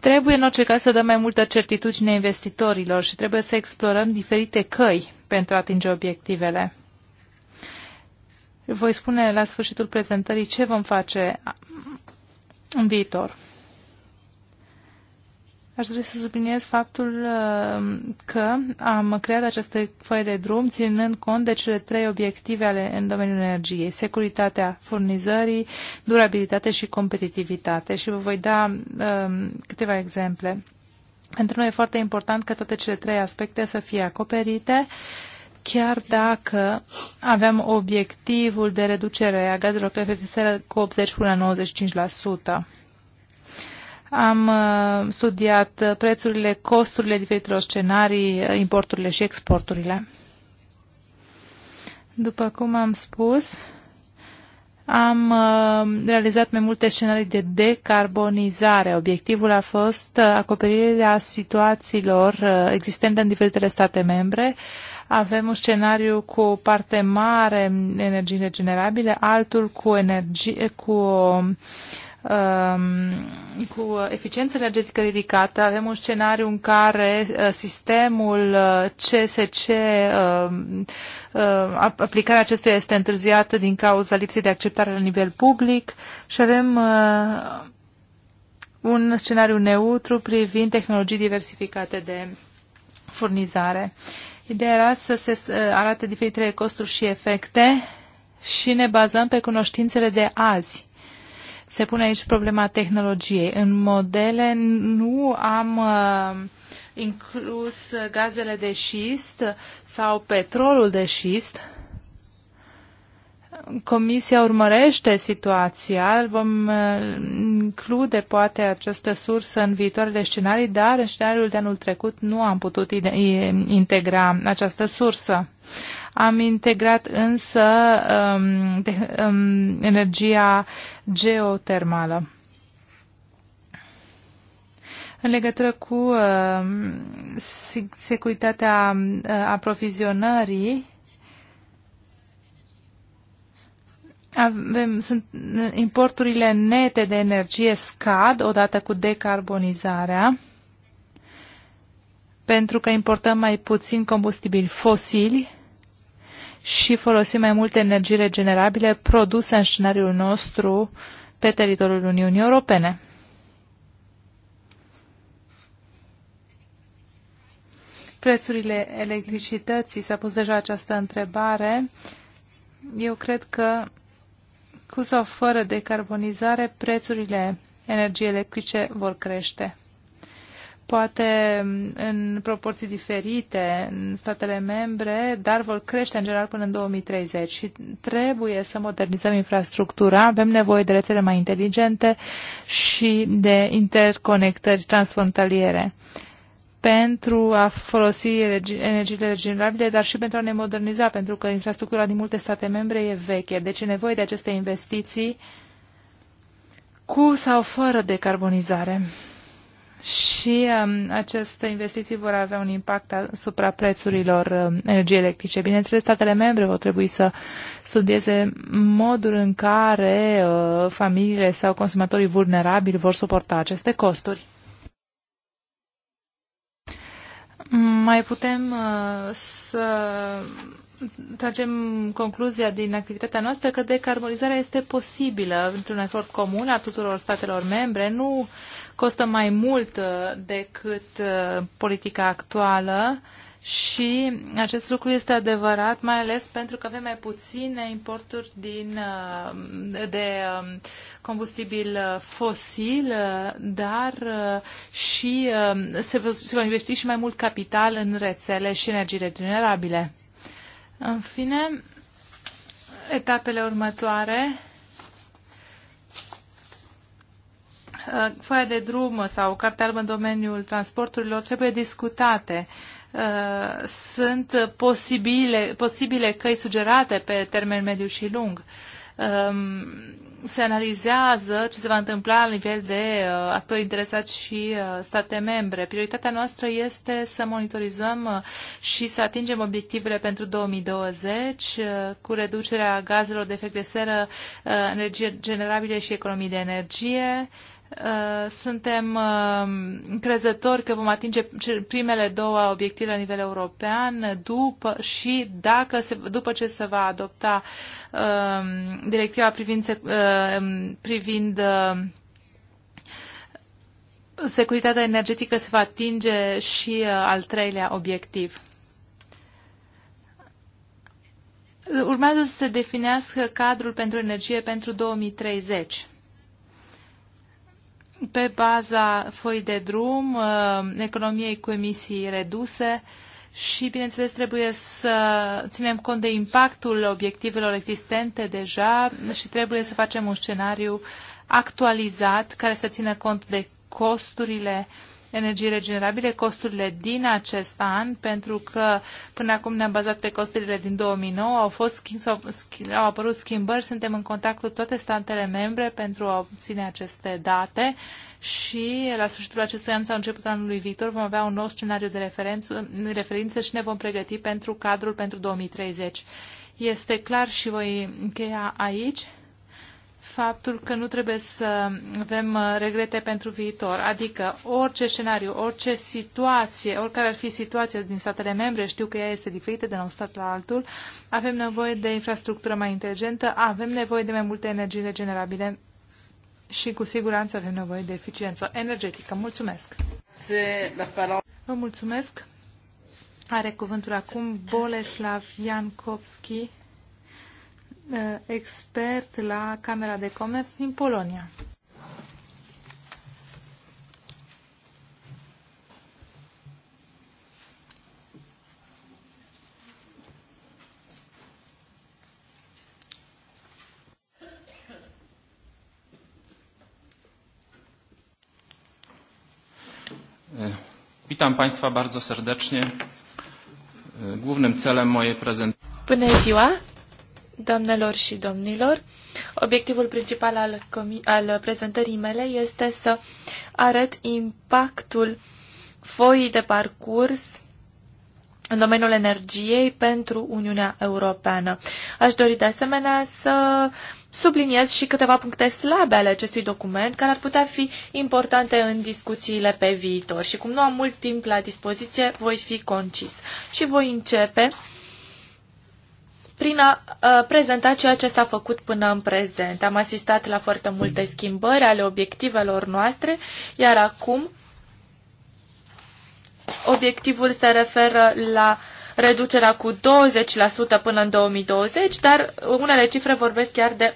Trebuie în orice caz să dăm mai multă certitudine investitorilor și trebuie să explorăm diferite căi pentru a atinge obiectivele. Voi spune la sfârșitul prezentării ce vom face în viitor. Aș dori să subliniez faptul uh, că am creat această foaie de drum ținând cont de cele trei obiective ale în domeniul energiei, securitatea furnizării, durabilitate și competitivitate. Și vă voi da um, câteva exemple. Pentru noi e foarte important că toate cele trei aspecte să fie acoperite chiar dacă avem obiectivul de reducere a gazelor cu efect de seră cu 80 până la 95%. Am uh, studiat prețurile, costurile diferitelor scenarii, uh, importurile și exporturile. După cum am spus, am uh, realizat mai multe scenarii de decarbonizare. Obiectivul a fost acoperirea situațiilor existente în diferitele state membre. Avem un scenariu cu o parte mare energii regenerabile, altul cu, energie, cu Um, cu eficiență energetică ridicată. Avem un scenariu în care uh, sistemul CSC, uh, um, uh, aplicarea acestuia este întârziată din cauza lipsei de acceptare la nivel public și avem un scenariu neutru privind tehnologii diversificate de furnizare. Ideea era să se arate diferitele costuri și efecte și ne bazăm pe cunoștințele de azi se pune aici problema tehnologiei. În modele nu am uh, inclus gazele de șist sau petrolul de șist. Comisia urmărește situația, vom uh, include poate această sursă în viitoarele scenarii, dar în scenariul de anul trecut nu am putut integra această sursă. Am integrat însă um, de, um, energia geotermală. În legătură cu uh, securitatea uh, aprovizionării, avem, sunt, importurile nete de energie scad odată cu decarbonizarea, pentru că importăm mai puțin combustibili fosili și folosim mai multe energii regenerabile produse în scenariul nostru pe teritoriul Uniunii Europene. Prețurile electricității, s-a pus deja această întrebare. Eu cred că cu sau fără decarbonizare, prețurile energiei electrice vor crește poate în proporții diferite în statele membre, dar vor crește în general până în 2030 și trebuie să modernizăm infrastructura, avem nevoie de rețele mai inteligente și de interconectări transfrontaliere pentru a folosi energiile regenerabile, dar și pentru a ne moderniza, pentru că infrastructura din multe state membre e veche. Deci e nevoie de aceste investiții cu sau fără decarbonizare și um, aceste investiții vor avea un impact asupra prețurilor um, energiei electrice. Bineînțeles, statele membre vor trebui să studieze modul în care uh, familiile sau consumatorii vulnerabili vor suporta aceste costuri. Mai putem uh, să tragem concluzia din activitatea noastră că decarbonizarea este posibilă într-un efort comun al tuturor statelor membre, nu uh, costă mai mult uh, decât uh, politica actuală și acest lucru este adevărat, mai ales pentru că avem mai puține importuri din, uh, de um, combustibil fosil, dar și um, se, se va investi și mai mult capital în rețele și energii regenerabile. În fine, etapele următoare Uh, foaia de drum sau cartea albă în domeniul transporturilor trebuie discutate. Uh, sunt posibile, posibile căi sugerate pe termen mediu și lung. Um, se analizează ce se va întâmpla la nivel de uh, actori interesați și state membre. Prioritatea noastră este să monitorizăm și să atingem obiectivele pentru 2020 cu reducerea gazelor de efect de seră, energie generabile și economii de energie, Uh, suntem uh, încrezători că vom atinge primele două obiective la nivel european după și dacă se, după ce se va adopta uh, directiva privind, privind securitatea energetică se va atinge și al treilea obiectiv. Urmează să se definească cadrul pentru energie pentru 2030 pe baza foi de drum, uh, economiei cu emisii reduse și, bineînțeles, trebuie să ținem cont de impactul obiectivelor existente deja și trebuie să facem un scenariu actualizat care să țină cont de costurile uh, energii regenerabile, costurile din acest an, pentru că până acum ne-am bazat pe costurile din 2009, au, fost, au, au apărut schimbări, suntem în contact cu toate statele membre pentru a obține aceste date și la sfârșitul acestui an sau început anului viitor vom avea un nou scenariu de referință, referință și ne vom pregăti pentru cadrul pentru 2030. Este clar și voi încheia aici faptul că nu trebuie să avem uh, regrete pentru viitor. Adică orice scenariu, orice situație, oricare ar fi situația din statele membre, știu că ea este diferită de la un stat la altul, avem nevoie de infrastructură mai inteligentă, avem nevoie de mai multe energii regenerabile și cu siguranță avem nevoie de eficiență energetică. Mulțumesc! Vă mulțumesc! Are cuvântul acum Boleslav Iancovski Eh, expert la Camera de Comerț din Polonia. Eh, witam Państwa bardzo serdecznie. Eh, głównym celem mojej prezentacji... Bună ziua! Doamnelor și domnilor, obiectivul principal al, al prezentării mele este să arăt impactul foii de parcurs în domeniul energiei pentru Uniunea Europeană. Aș dori de asemenea să subliniez și câteva puncte slabe ale acestui document care ar putea fi importante în discuțiile pe viitor și cum nu am mult timp la dispoziție, voi fi concis și voi începe uh, prin a prezenta ceea ce s-a făcut până în prezent. Am asistat la foarte multe schimbări ale obiectivelor noastre, iar acum obiectivul se referă la reducerea cu 20% până în 2020, dar unele cifre vorbesc chiar de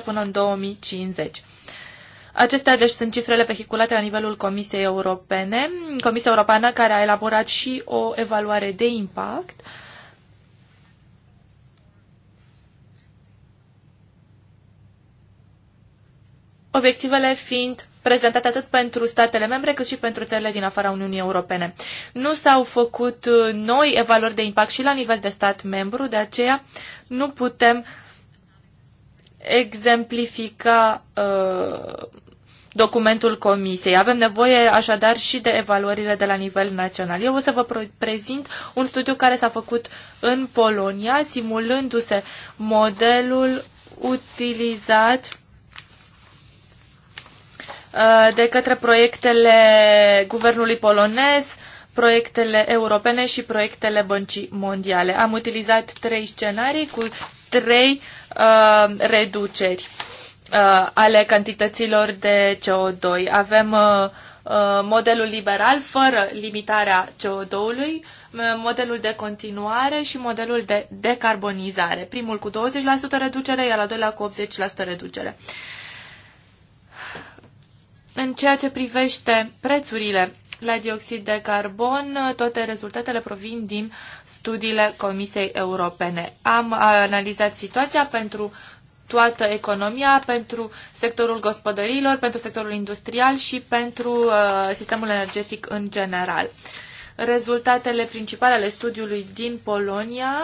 80% până în 2050. Acestea, deci, sunt cifrele vehiculate la nivelul Comisiei Europene, Comisia Europeană care a elaborat și o evaluare de impact uh, obiectivele fiind prezentate atât pentru statele membre cât și pentru țările din afara Uniunii Europene. Nu s-au făcut uh, noi evaluări de impact și la nivel de stat membru, de aceea nu putem exemplifica uh, documentul comisiei. Avem nevoie așadar și de evaluările de la nivel național. Eu o să vă prezint un studiu care s-a făcut în Polonia, simulându-se modelul utilizat Uh, de către proiectele guvernului polonez, proiectele europene și proiectele băncii mondiale. Am utilizat trei scenarii cu trei uh, reduceri uh, ale cantităților de CO2. Avem uh, uh, modelul liberal fără limitarea CO2-ului, uh, modelul de continuare și modelul de decarbonizare. Primul cu 20% reducere, iar al doilea cu 80% reducere. Uh, în ceea ce privește prețurile la dioxid de carbon, toate rezultatele provin din studiile Comisiei Europene. Am analizat situația pentru toată economia, pentru sectorul gospodăriilor, pentru sectorul industrial și pentru uh, sistemul energetic în general. Rezultatele principale ale studiului din Polonia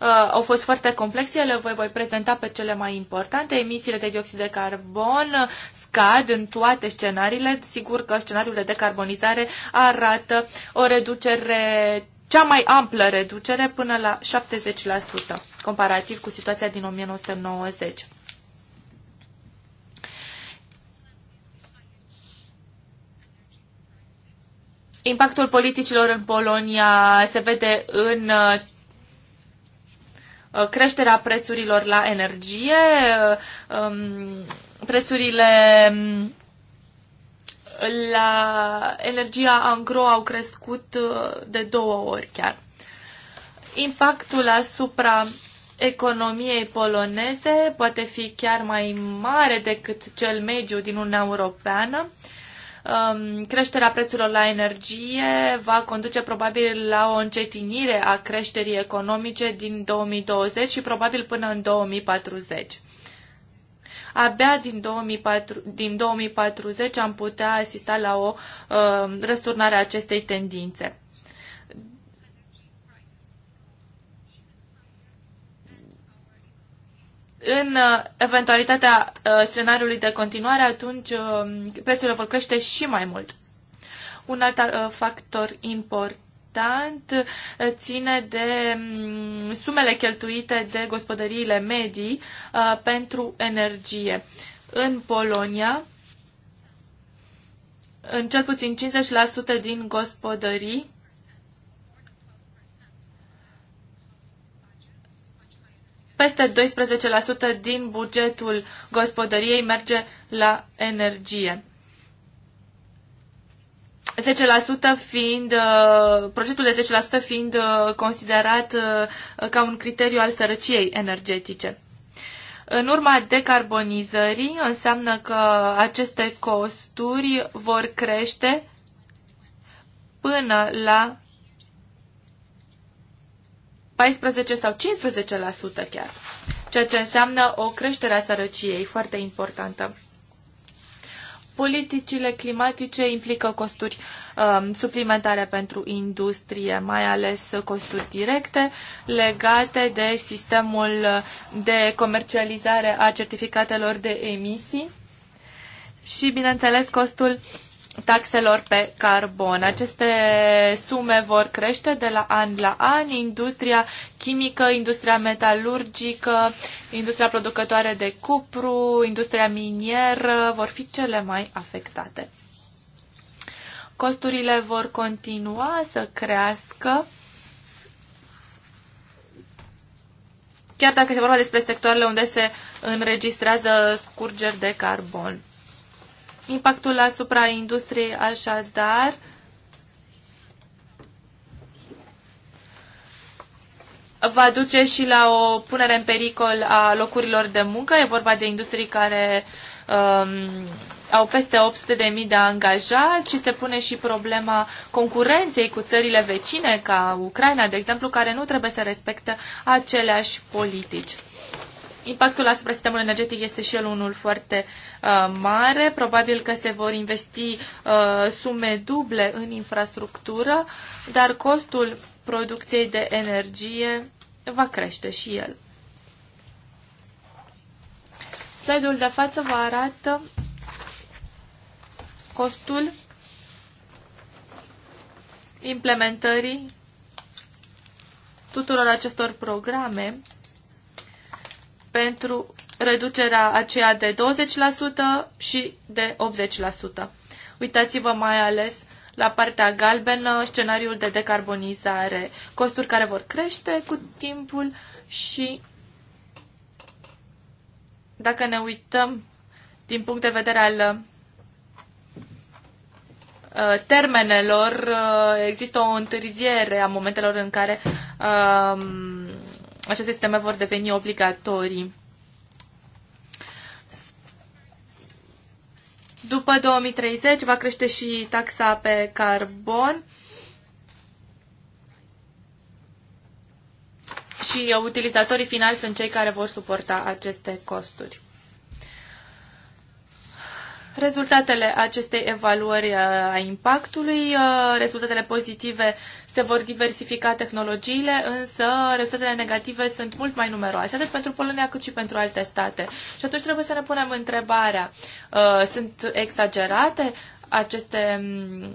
uh, au fost foarte complexe, le voi, voi prezenta pe cele mai importante. Emisiile de dioxid de carbon scad în toate scenariile. Sigur că scenariul de decarbonizare arată o reducere cea mai amplă reducere până la 70%, comparativ cu situația din 1990. Impactul politicilor în Polonia se vede în uh, Uh, creșterea prețurilor la energie, uh, um, prețurile um, la energia angro au crescut uh, de două ori chiar. Impactul asupra economiei poloneze poate fi chiar mai mare decât cel mediu din Uniunea Europeană um, creșterea prețurilor la energie va conduce probabil la o încetinire a creșterii economice din 2020 și probabil până în 2040. Abia din, 2004, din 2040 am putea asista la o uh, răsturnare a acestei tendințe. în uh, eventualitatea uh, scenariului de continuare, atunci uh, prețurile vor crește și mai mult. Un alt factor important ține de mm, sumele cheltuite de gospodăriile medii pentru energie. În Polonia, în cel puțin 50% din gospodării, peste 12% din bugetul gospodăriei merge la energie. 10% fiind, uh, procentul de 10% fiind uh, considerat uh, ca un criteriu al sărăciei energetice. În urma decarbonizării înseamnă că aceste costuri vor crește până la 14 sau 15% chiar, ceea ce înseamnă o creștere a sărăciei foarte importantă. Politicile climatice implică costuri um, suplimentare pentru industrie, mai ales costuri directe legate de sistemul de comercializare a certificatelor de emisii și, bineînțeles, costul uh, taxelor pe carbon. Aceste sume vor crește de la an la an. Industria chimică, industria metalurgică, industria producătoare de cupru, industria minieră vor fi cele mai afectate. Costurile vor continua să crească. chiar dacă se vorba despre sectoarele unde se înregistrează scurgeri de carbon. Impactul asupra industriei așadar va duce și la o punere în pericol a locurilor de muncă. E vorba de industrii care um, au peste 800.000 de angajați și se pune și problema concurenței cu țările vecine, ca Ucraina, de exemplu, care nu trebuie să respecte aceleași politici. Impactul asupra sistemului energetic este și el unul foarte uh, mare. Probabil că se vor investi uh, sume duble în infrastructură, dar costul producției de energie va crește și el. Slide-ul de față vă arată costul implementării tuturor acestor programe pentru reducerea aceea de 20% și de 80%. Uitați-vă mai ales la partea galbenă scenariul de decarbonizare, costuri care vor crește cu timpul și dacă ne uităm din punct de vedere al uh, termenelor, uh, există o întârziere a momentelor în care um, aceste sisteme vor deveni obligatorii. După 2030 va crește și taxa pe carbon și utilizatorii finali sunt cei care vor suporta aceste costuri. Rezultatele acestei evaluări uh, a impactului, uh, rezultatele pozitive se vor diversifica tehnologiile, însă rezultatele negative sunt mult mai numeroase, atât pentru Polonia cât și pentru alte state. Și atunci trebuie să ne punem întrebarea, uh, sunt exagerate aceste mm,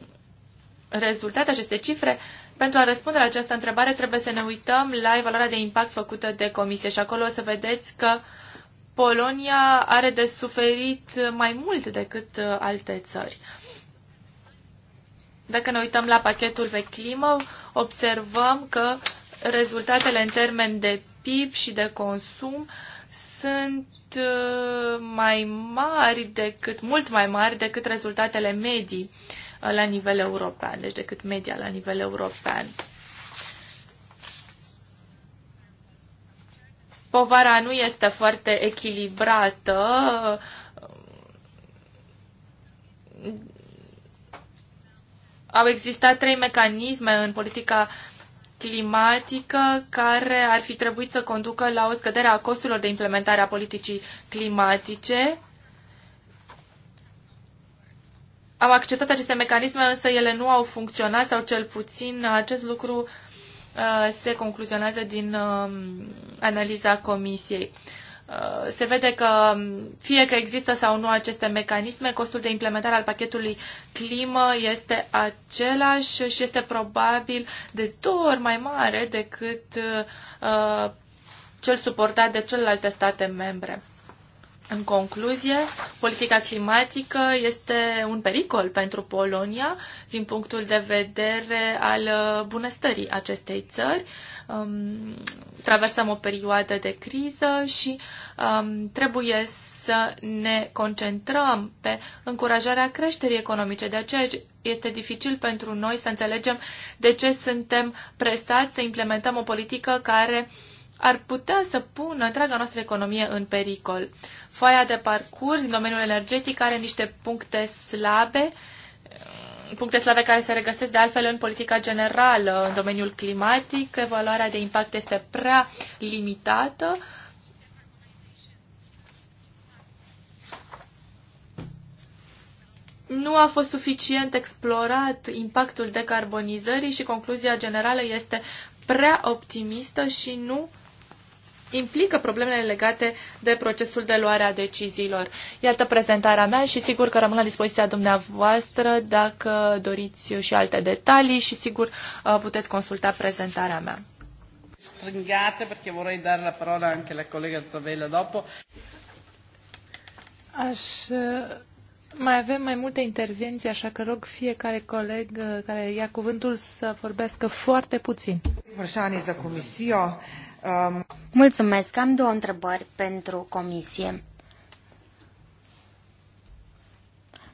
rezultate, aceste cifre? Pentru a răspunde la această întrebare trebuie să ne uităm la evaluarea de impact făcută de comisie și acolo o să vedeți că uh, Polonia are de suferit mai mult decât uh, alte țări. Dacă ne uităm la pachetul pe climă, observăm că rezultatele în termen de PIB și de consum sunt uh, mai mari decât, mult mai mari decât rezultatele medii uh, la nivel european, deci decât media la nivel european. povara nu este foarte echilibrată. Au existat trei mecanisme în politica climatică care ar fi trebuit să conducă la o scădere a costurilor de implementare a politicii climatice. Am acceptat aceste mecanisme, însă ele nu au funcționat sau cel puțin acest lucru Uh, se concluzionează din um, analiza comisiei. Uh, se vede că um, fie că există sau nu aceste mecanisme, costul de implementare al pachetului climă este același și este probabil de două ori mai mare decât uh, cel suportat de celelalte state membre. În concluzie, politica climatică este un pericol pentru Polonia din punctul de vedere al bunăstării acestei țări. Um, traversăm o perioadă de criză și um, trebuie să ne concentrăm pe încurajarea creșterii economice. De aceea este dificil pentru noi să înțelegem de ce suntem presați să implementăm o politică care uh, ar putea să pună întreaga noastră economie în pericol. Foaia de parcurs din domeniul energetic are niște puncte slabe, puncte slabe care se regăsesc de altfel în politica generală, în domeniul climatic, evaluarea de impact este prea limitată. Nu a fost suficient explorat impactul decarbonizării și concluzia generală este prea optimistă și nu implică problemele legate de procesul de luare a deciziilor. Iată prezentarea mea și sigur că rămân la dispoziția dumneavoastră dacă doriți și alte detalii și sigur uh, puteți consulta prezentarea mea. Stringate, perché vorrei dare la parola anche la collega Zavella dopo. Aș uh, mai avem mai multe intervenții, așa că rog fiecare coleg uh, care ia cuvântul să vorbească foarte puțin. Vprașanie za comisio. Um, Mulțumesc. Am două întrebări pentru comisie.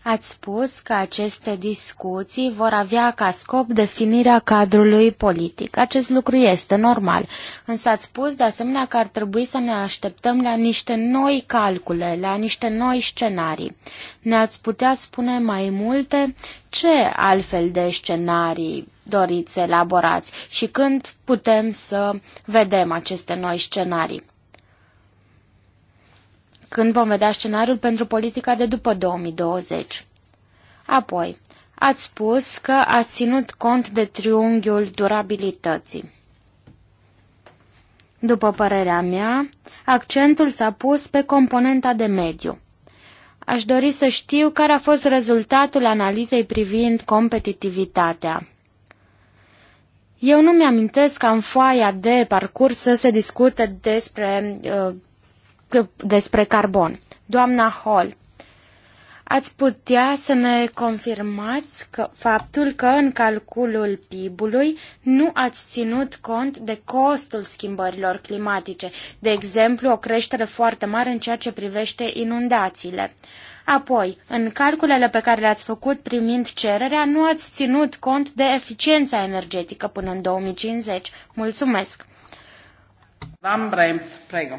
Ați spus că aceste discuții vor avea ca scop definirea cadrului politic. Acest lucru este normal, însă ați spus de asemenea că ar trebui să ne așteptăm la niște noi calcule, la niște noi scenarii. Ne-ați putea spune mai multe ce altfel de scenarii doriți să elaborați și când putem să vedem aceste noi scenarii. Când vom vedea scenariul pentru politica de după 2020. Apoi, ați spus că ați ținut cont de triunghiul durabilității. După părerea mea, accentul s-a pus pe componenta de mediu. Aș dori să știu care a fost rezultatul analizei privind competitivitatea. Eu nu mi-amintesc ca în foaia de parcurs să se discute despre, uh, despre carbon. Doamna Hall, ați putea să ne confirmați că faptul că în calculul PIB-ului nu ați ținut cont de costul schimbărilor climatice, de exemplu o creștere foarte mare în ceea ce privește inundațiile. Uh, Apoi, în calculele pe care le-ați făcut primind cererea, nu ați ținut cont de eficiența energetică până în 2050. Mulțumesc! Van Bremt, prego.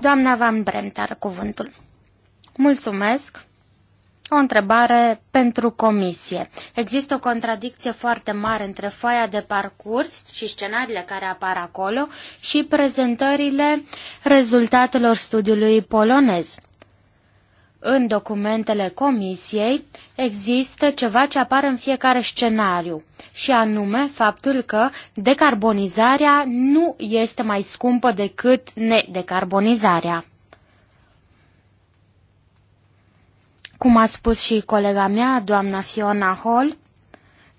Doamna Van Bremt are cuvântul. Mulțumesc! O întrebare pentru comisie. Există o contradicție foarte mare între foaia de parcurs și scenariile care apar acolo și prezentările rezultatelor studiului polonez în documentele comisiei există ceva ce apare în fiecare scenariu, și anume faptul că decarbonizarea nu este mai scumpă decât nedecarbonizarea. Cum a spus și colega mea, doamna Fiona Hall,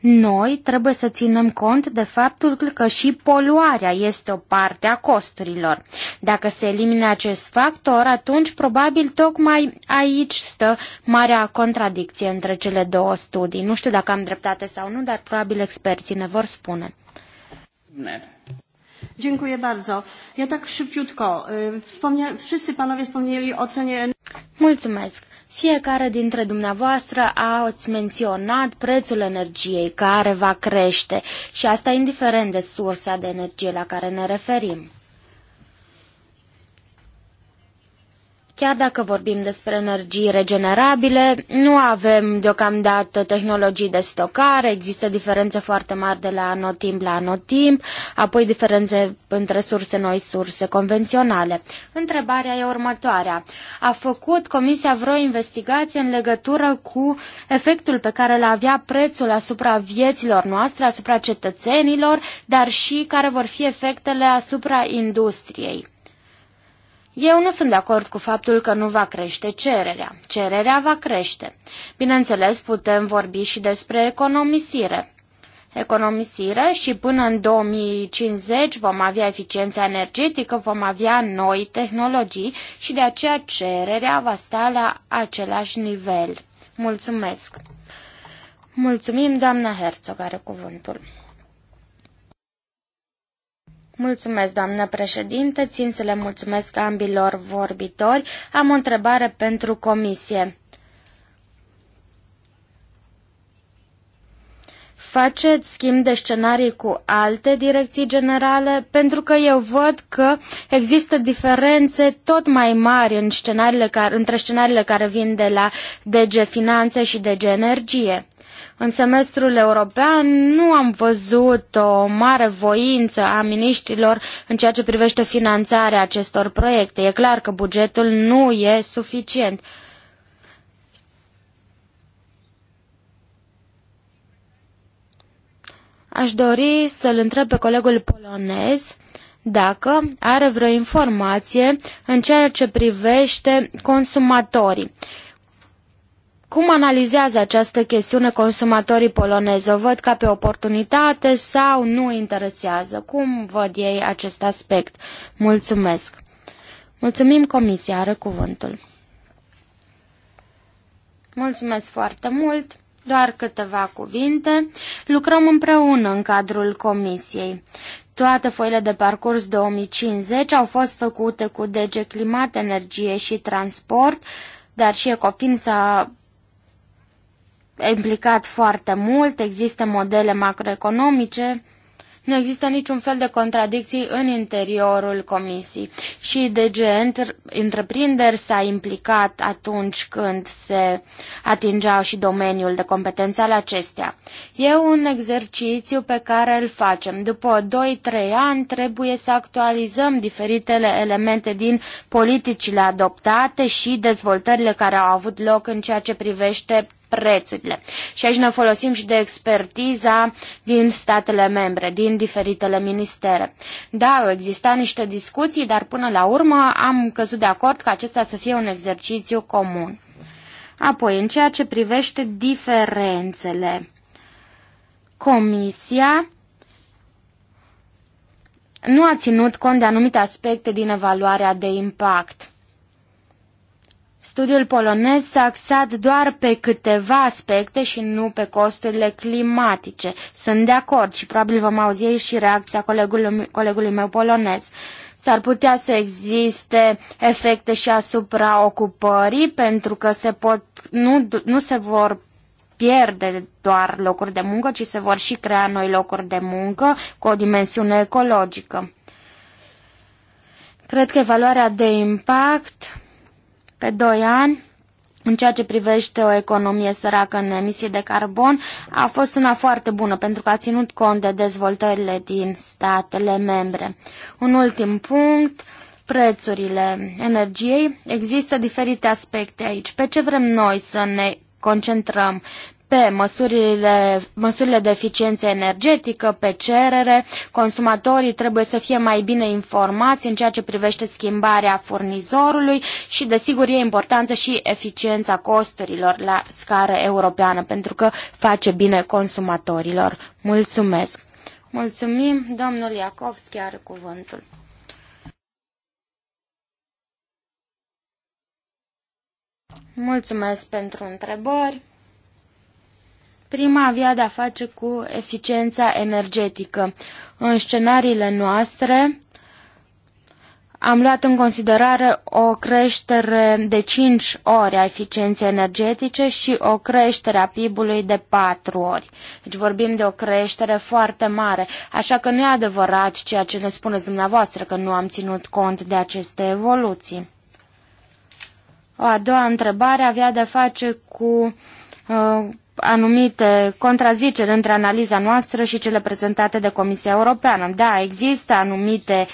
noi trebuie să ținem cont de faptul că și poluarea este o parte a costurilor. Dacă se elimine acest factor, atunci probabil tocmai aici stă marea contradicție între cele două studii. Nu știu dacă am dreptate sau nu, dar probabil experții ne vor spune. Ne. Dziękuję bardzo. Ja tak szybciutko. Wspomnia... Wszyscy panowie wspomnieli o cenie... Mulțumesc. Fiecare dintre dumneavoastră ați menționat prețul energiei care va crește și asta indiferent de sursa de energie la care ne referim. Chiar dacă vorbim despre energii regenerabile, nu avem deocamdată tehnologii de stocare, există diferențe foarte mari de la anotimp la anotimp, apoi diferențe între surse noi, surse convenționale. Întrebarea e următoarea. A făcut Comisia vreo investigație în legătură cu efectul pe care îl avea prețul asupra vieților noastre, asupra cetățenilor, dar și care vor fi efectele asupra industriei? Eu nu sunt de acord cu faptul că nu va crește cererea. Cererea va crește. Bineînțeles, putem vorbi și despre economisire. Economisire și până în 2050 vom avea eficiența energetică, vom avea noi tehnologii și de aceea cererea va sta la același nivel. Mulțumesc! Mulțumim, doamna Herzog are cuvântul. Mulțumesc, doamnă președinte. Țin să le mulțumesc ambilor vorbitori. Am o întrebare pentru comisie. faceți schimb de scenarii cu alte direcții generale? Pentru că eu văd că există diferențe tot mai mari în scenariile care, între scenariile care vin de la DG Finanțe și DG Energie. În semestrul european nu am văzut o mare voință a miniștrilor în ceea ce privește finanțarea acestor proiecte. E clar că bugetul nu e suficient. Aș dori să-l întreb pe colegul polonez dacă are vreo informație în ceea ce privește consumatorii. Cum analizează această chestiune consumatorii polonezi? O văd ca pe oportunitate sau nu interesează? Cum văd ei acest aspect? Mulțumesc! Mulțumim, Comisia, are cuvântul. Mulțumesc foarte mult! Doar câteva cuvinte. Lucrăm împreună în cadrul Comisiei. Toate foile de parcurs 2050 au fost făcute cu DG Climat, Energie și Transport, dar și Ecofin s-a implicat foarte mult, există modele macroeconomice, nu există niciun fel de contradicții în interiorul comisiei și DG Întreprinderi s-a implicat atunci când se atingea și domeniul de competență al acestea. E un exercițiu pe care îl facem. După 2-3 ani trebuie să actualizăm diferitele elemente din politicile adoptate și dezvoltările care au avut loc în ceea ce privește prețurile. Și aici ne folosim și de expertiza din statele membre, din diferitele ministere. Da, exista niște discuții, dar până la urmă am căzut de acord că acesta să fie un exercițiu comun. Apoi, în ceea ce privește diferențele, Comisia nu a ținut cont de anumite aspecte din evaluarea de impact. Studiul polonez s-a axat doar pe câteva aspecte și nu pe costurile climatice. Sunt de acord și probabil vom auzi și reacția colegului, colegului meu polonez. S-ar putea să existe efecte și asupra ocupării, pentru că se pot, nu, nu se vor pierde doar locuri de muncă, ci se vor și crea noi locuri de muncă cu o dimensiune ecologică. Cred că valoarea de impact pe 2 ani în ceea ce privește o economie săracă în emisie de carbon, a fost una foarte bună pentru că a ținut cont de dezvoltările din statele membre. Un ultim punct, prețurile energiei. Există diferite aspecte aici. Pe ce vrem noi să ne concentrăm? pe măsurile, măsurile de eficiență energetică, pe cerere. Consumatorii trebuie să fie mai bine informați în ceea ce privește schimbarea furnizorului și, desigur, e importanță și eficiența costurilor la scară europeană, pentru că face bine consumatorilor. Mulțumesc! Mulțumim, domnul Iacovski are cuvântul. Mulțumesc pentru întrebări. Prima avea de-a face cu eficiența energetică. În scenariile noastre am luat în considerare o creștere de 5 ori a eficienței energetice și o creștere a PIB-ului de 4 ori. Deci vorbim de o creștere foarte mare, așa că nu e adevărat ceea ce ne spuneți dumneavoastră că nu am ținut cont de aceste evoluții. O a doua întrebare avea de face cu uh, anumite contraziceri între analiza noastră și cele prezentate de Comisia Europeană. Da, există anumite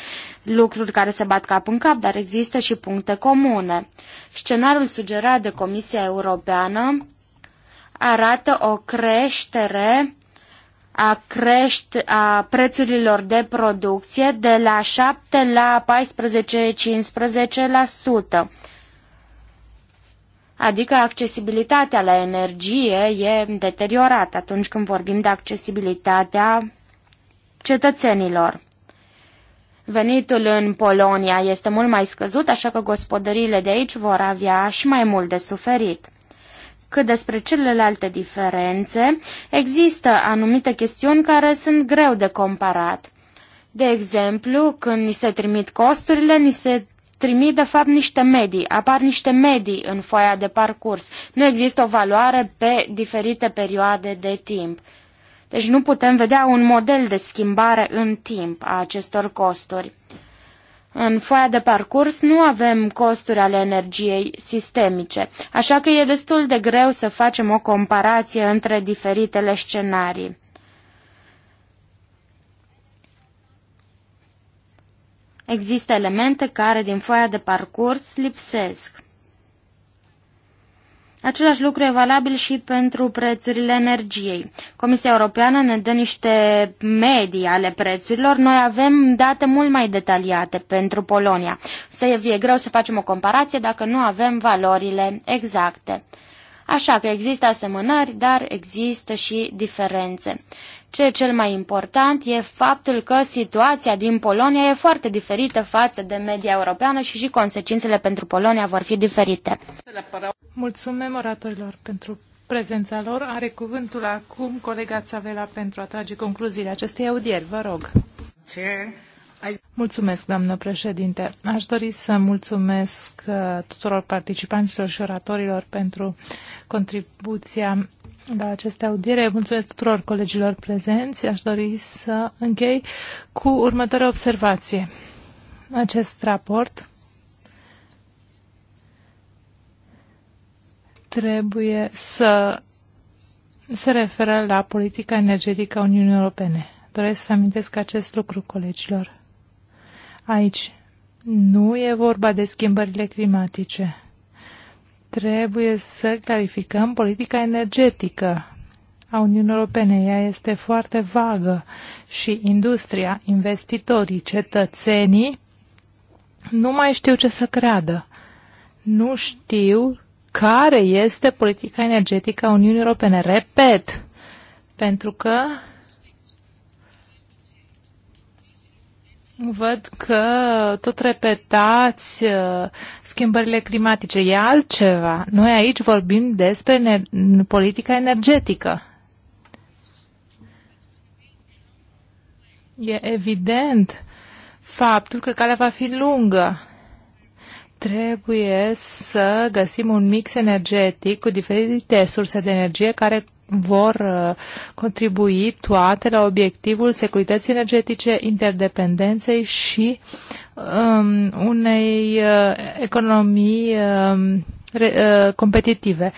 lucruri care se bat cap în cap, dar există și puncte comune. Scenariul sugerat de Comisia Europeană arată o creștere a, crește, a prețurilor de producție de la 7 la 14-15%. Adică accesibilitatea la energie e deteriorată atunci când vorbim de accesibilitatea cetățenilor. Venitul în Polonia este mult mai scăzut, așa că gospodăriile de aici vor avea și mai mult de suferit. Cât despre celelalte diferențe, există anumite chestiuni care sunt greu de comparat. De exemplu, când ni se trimit costurile, ni se trimit de fapt niște medii, apar niște medii în foaia de parcurs. Nu există o valoare pe diferite perioade de timp. Deci nu putem vedea un model de schimbare în timp a acestor costuri. În foaia de parcurs nu avem costuri ale energiei sistemice, așa că e destul de greu să facem o comparație între diferitele scenarii. Există elemente care din foaia de parcurs lipsesc. Același lucru e valabil și pentru prețurile energiei. Comisia Europeană ne dă niște medii ale prețurilor. Noi avem date mult mai detaliate pentru Polonia. Să fie greu să facem o comparație dacă nu avem valorile exacte. Așa că există asemănări, dar există și diferențe. Ce e cel mai important e faptul că situația din Polonia e foarte diferită față de media europeană și și consecințele pentru Polonia vor fi diferite. Mulțumim oratorilor pentru prezența lor. Are cuvântul acum colega Țavela pentru a trage concluziile acestei audieri. Vă rog. Ce? Mulțumesc, doamnă președinte. Aș dori să mulțumesc uh, tuturor participanților și oratorilor pentru contribuția la da, aceste audiere. Mulțumesc tuturor colegilor prezenți. Aș dori să închei cu următoarea observație. Acest raport trebuie să se referă la politica energetică a Uniunii Europene. Doresc să amintesc acest lucru colegilor. Aici nu e vorba de schimbările climatice trebuie să clarificăm politica energetică a Uniunii Europene. Ea este foarte vagă și industria, investitorii, cetățenii nu mai știu ce să creadă. Nu știu care este politica energetică a Uniunii Europene. Repet, pentru că Văd că tot repetați uh, schimbările climatice. E altceva. Noi aici vorbim despre ener- politica energetică. E evident faptul că calea va fi lungă Trebuie să găsim un mix energetic cu diferite surse de energie care vor uh, contribui toate la obiectivul securității energetice, interdependenței și um, unei uh, economii um, re, uh, competitive.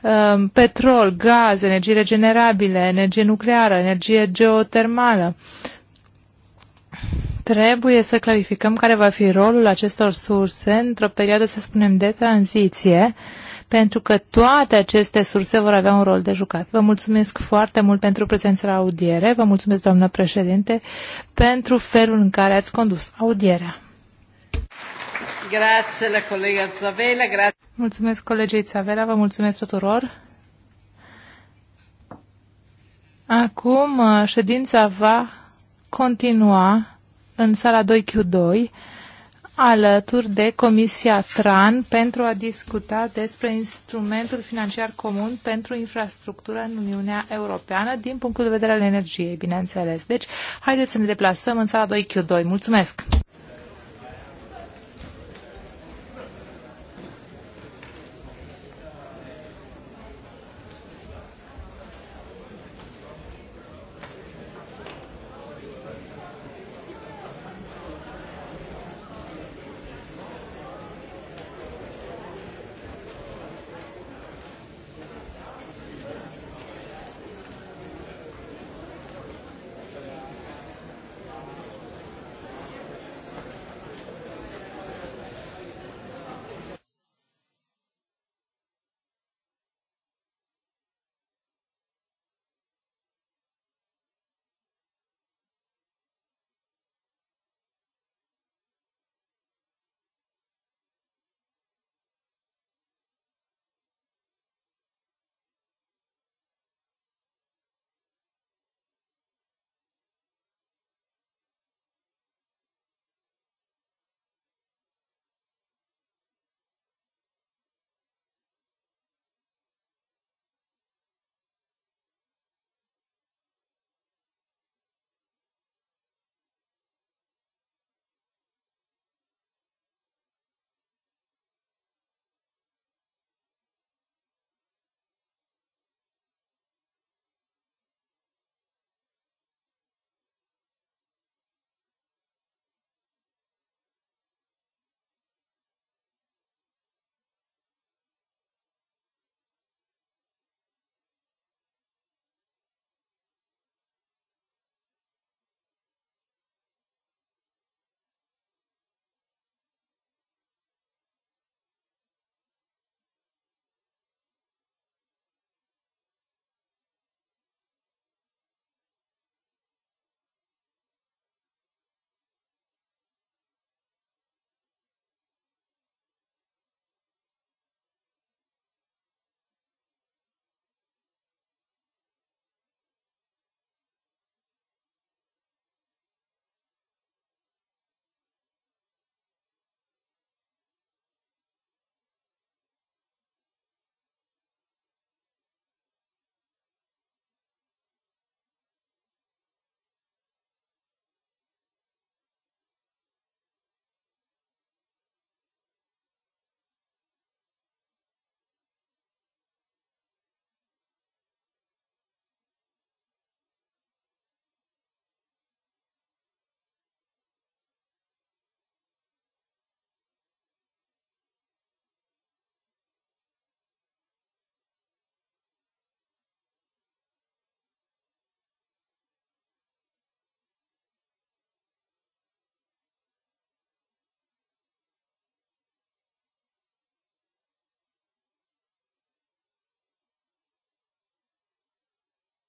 Um, petrol, gaz, energie regenerabile, energie nucleară, energie geotermală. Trebuie să clarificăm care va fi rolul acestor surse într-o perioadă, să spunem, de tranziție, pentru că toate aceste surse vor avea un rol de jucat. Vă mulțumesc foarte mult pentru prezența la audiere, vă mulțumesc, doamnă președinte, pentru felul în care ați condus audierea. Grazie la colega Zavela, grazie. Mulțumesc colegei Țavela, vă mulțumesc tuturor. Acum ședința va continua în sala 2Q2 alături de Comisia TRAN pentru a discuta despre instrumentul financiar comun pentru infrastructură în Uniunea Europeană din punctul de vedere al energiei, bineînțeles. Deci, haideți să ne deplasăm în sala 2Q2. Mulțumesc!